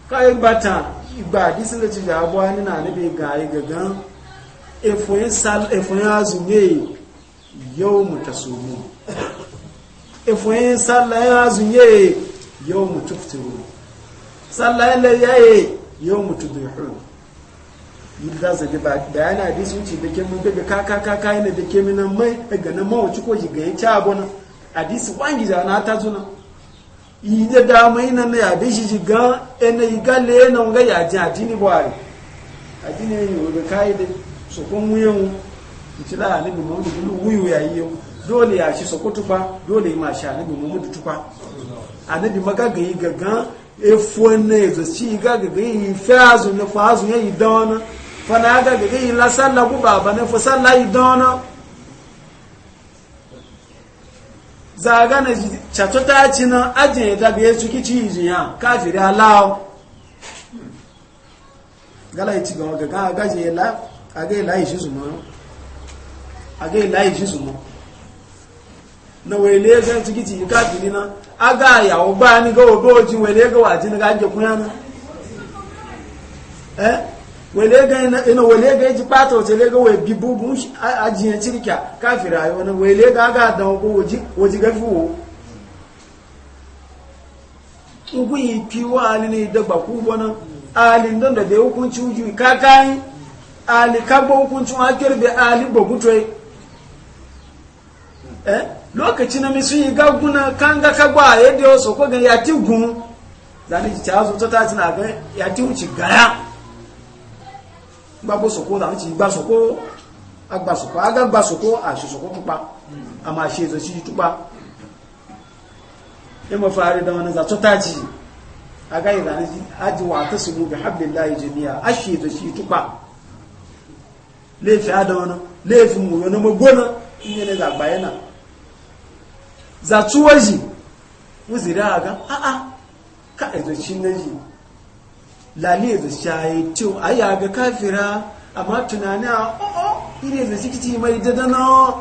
ka yi bata ba disi da cija abuwa ni na nabe ga yi gagan efoyin azunye yau mu ta somu efoyin sallayen azunye yau mu tuftiru sallayen layaye yau mu tudurhu yadda za su ba bayani hadisi wuce da kemin daga kaka kaka yana da kemin nan mai daga nan mawaci ko shiga ya ci abu nan hadisi wangi na ta zuna ide dama ina na ya bi shi ga ena iga le na nga ya ji adini bwari adini ni obe kaide so ko muyen itila ni bi mu du wuyu ya yiyo dole ya shi sokoto ba dole ma sha ni bi mu du tukwa ma magaga yi gaga efo na ezo shi ga gaga yi fazu na fazu ya idona fa na ga gaga yi la salla ku baba na fa salla idona zaga na chato ta na nan ajiye ta biye yi ya kafiri alawo gala yi ci gaga gaji aga ila yi shi zuma aga ila yi zuma na wele ga su kici yi kafiri na aga ya o ba ni ga odo ji wele ga waji na ga je na eh welega ji kpata otelega wee bibu bụ ajiye chirika kafiri anyị ọnụ welega aga ada ọgwụ ojigafiwo ugwu yi alị ali na idọgbakwa ugbo na ali ndọndọ da hukunci uju kaka anyị ali kagbo hukuncin akirbe ali gbogutwe eh lokaci na misu yi gaguna kan ga kagbo a yadda yau sokwa ga yati gun zane ji ta zo ta tana ga yati wuce gaya gbábó sọ̀kó ti gbá sọ̀kó agbàsọ̀kó agbàgbà pupa a máa ṣe ètò ṣíṣí túpa ya mafi aridan wani zato ta ji a ga ìlànà ajiwa ta sinu bi hablin jami'a a ṣe ètò ṣíṣí túpa léèfì adáwọn léèfì mòyàn ní gbóná ìyẹn ní àgbà náà zàtúwọ́ yìí wọ́n sì àgá lalizu shayi tun a ya ga kafira amma tunani a o'o ire da shi mai dadana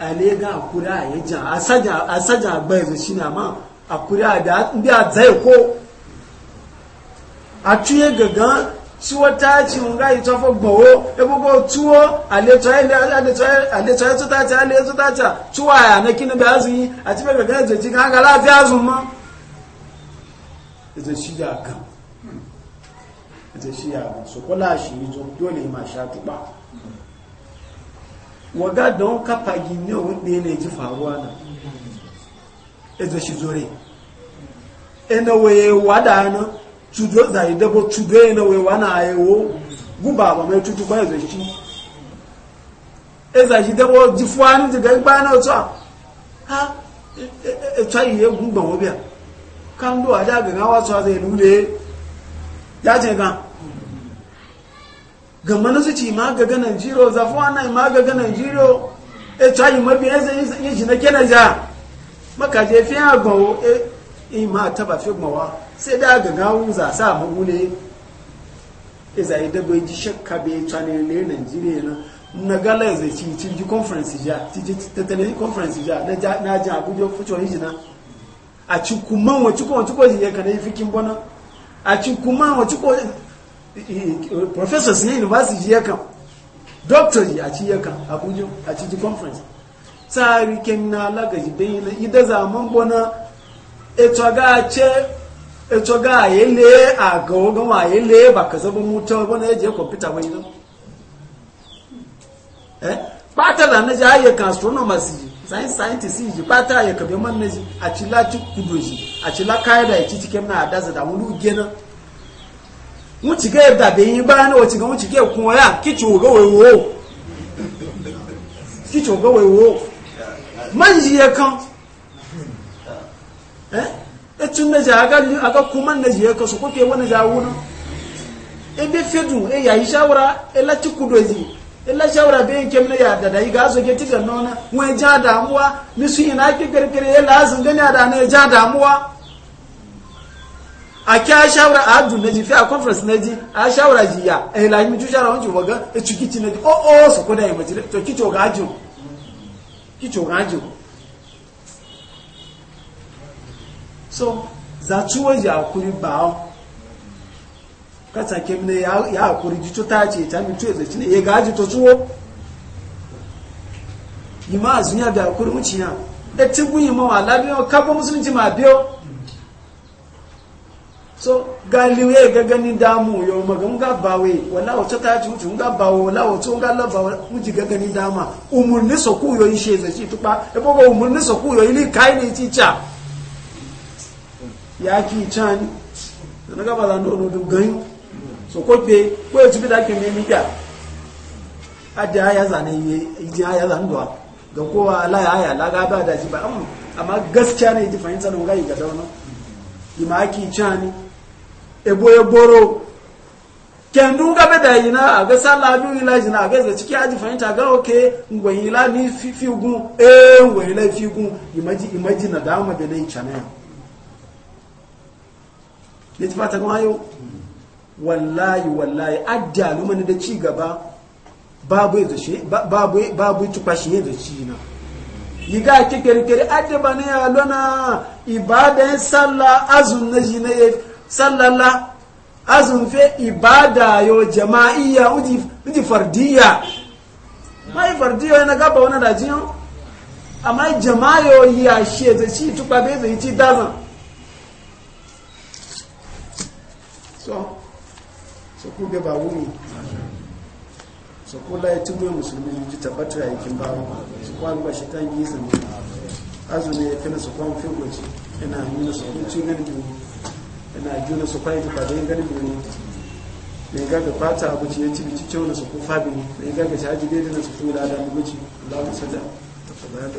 a lega a kura a yi jan a saja bai zu shi na ma a da ndi a zai ko a tuye gaga tuwo ta ci nga yi tofo gbowo ebubo tuwo aletoye tutata aletoye tutata tuwa ya na kinu da azu yi a ti bai gaga zoji kan haka lafiya azu ma ita shi ya kan ita shi ya kan so kula shi yi zo dole ma sha tuba waga don kafa gine wanda ne ji faruwa na ita shi zore ina waye wada na tudo zai dabo tudo ina waye wana ayewo guba ba mai tutu ba ya shi eza shi dabo jifuwa ni jiga gbana otu a ha etu yi ya gugba wobia kan do a jaga na wasu a zai lule ya ce ga gama na su ci ma ga ganin jiro zafi wannan ma gaga ganin e tsayi mabi ya zai yi shi na kenan ja maka je fi a gawo e ma taba fi gmawa sai da ga gawun za sa wule e zai dabai ji shakka bai tsani ne nigeria na na gala zai ci ci ji conference ja ci ji tattalin conference ja na ja abuja fucewa na a ci kuma wacce ko wacce ko yi fikin bona a ci kuma professors ne university ya kan doctor a ci kan abuja a ci conference tsari kemina lagaji bayi na ida zaman bona eto ga ce eto ga yele a ga ogun wa yele ba ka zaba mota bona ya je computer wani no eh pata na ja ya kan astronomers science scientist ji pata ya kabe man naji a ci la ci kudoji a ci la kaida ya ci cikin na da za da wulu gena mu ci ga da be yi ba na o ci ga mu ci ga kun ya ki ci ga wai wo ki ci ga wai wo man ji ya kan eh e tun da ja ga aga kuma naji ya ka su ko wani ja wuna e be fedu e ya yi shawara e la ci kudoji illa shawara be yankem na ya da yi ga so ke tiga nona mu ja damuwa su ina ki gargare ya lazim gani da na ja damuwa a kya shawara a hajjun na ji fi a conference na ji a shawara ji ya eh la mi ju shawara wanci waga e ciki ci na ji o oh, o oh, su ko da yi majira to ki to ga hajjun ki to ga hajjun so za tuwa ya kuri bawo kasa ke mine ya hakuri jito ta ce ta mi tuye zai ne ya gaji to tuwo yi ma a zuniya da hakuri muciya da tigun yi mawa labiyo kafa ma biyo so galiwe ya gagani damu yau magan ga bawe wala wato ta ci mutu ga bawe wala wato ga laba muji gagani dama umurni so ku yoyi she zai ci tuba da boga umurni so ku yoyi kai ne ci cha ya ki chan na ga ba da ndo ndo ganyu so ko be ko etu bi da ke mi miya aje aya za ne yi ije aya za ndo ga kowa ala ya aya laga ba da ji ba amma gaskiya ne ji fahimta don gai ga dauno imaki chani ebo eboro kendu ga be da yi na ga sala du ila ji na ga ciki aji fahimta ga oke ngwe ila ni fi fi gun eh ngwe ila fi gun imaji imaji na dama be ne chana ne ti fata kuma yau wallahi wallahi addalu mani da ci gaba babu yanzu shi babu babu tupa shi yanzu ci na yi ga ke kirkiri addaba ne ya lona ibada sallah azun na ji na ya sallala azun fe ibada yo jama'iyya uji uji fardiya mai fardiya na gaba wani da jiyo amma jama'a yi a shi yanzu ci tupa bai zai ci dazan so so ku ga ba wuni so ko tun yatim mai musulmi ji tabbatar yakin ba su kwan ba ta yi zama azumi ya na su kwan fi goci yana nuna su kun ne yana juna su kwan tafa da gani ne ne ga ga fata ya ci bici cewa su ku fabi ne ga ga shaji dai da su kula da mu goci Allahu sada tafadala da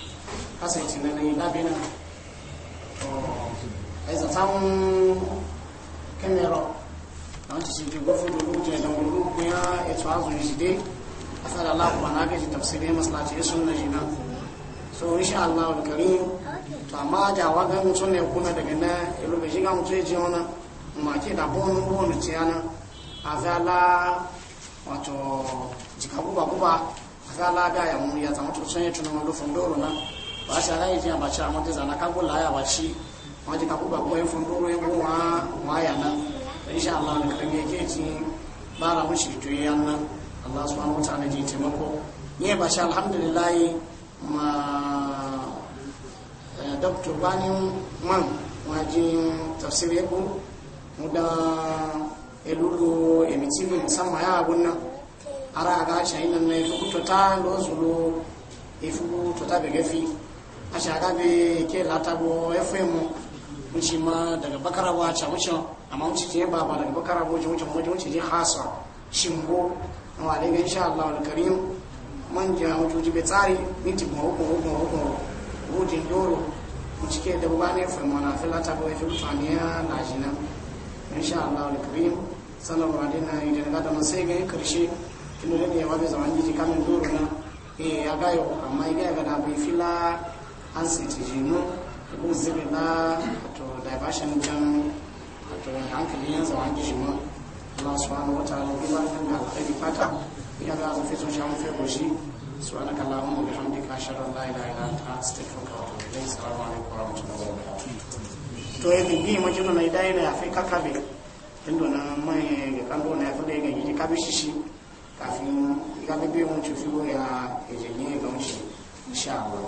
kasance na nan labinan oh, a zaton kamera na wancan shi ke gwafi da da wuri kuma ya ci hazo shi dai a tsada lafuwa na gaji tafsirai masalaci ya sun naji so insha Allah al-karim to amma da wa mutum ne kuma daga na ilu ga mutum ya ji wani ma da bon bon ce yana wato ga ya mun ya zama ya tunan lufin doro na washara yi jiya bacha wọn zana kago laya wa shi wọn ti kago gbagbo yin fun doro yin wa wa ya na insha Allah ne kan yake ci bara mu shi to yan nan Allah subhanahu wa ta'ala ji taimako ni bacha alhamdulillah ma eh, dr bani man wajin tafsir yabo mu da elulu emitibi musamman ya abun nan ara ga yi nan ne fukuto ta lo zulu ifukuto ta begefi a shaga be ke latabo fm wuce ma daga bakarabo a can wucin amma wuce ke ba ba daga bakarabo wuce wuce wuce je hasa shimbo na wa daga insha Allah al-karim man ja wuce wuce be tsari miti ma hukun hukun hukun rudin doro wuce ke da ba ne fm na fi latabo ya fi mutane ya lajina insha Allah al-karim sallallahu alaihi wa sallam idan ga da sai ga karshe kin da ne wa da zaman jiji kamin doro na ya gayo amma ya ga da bai fila an siti jino ko zibi na to diversion can to hankali yan zawa an ma Allah su subhanahu wata ta'ala bi ba da alkhairi fata ya ga zafi sun sha mafi mu fe goshi subhanaka allahumma wa bihamdika ashhadu an la ilaha illa anta astaghfiruka wa atubu ilayk assalamu alaikum mutum rahmatullahi wani barakatuh to yake bi mu jino na idai na afi kakabe tendo na mai ga kando na fa da ga yi kabe shi kafin ga bi mu ci fiwo ya ejenye ga mu shi insha Allah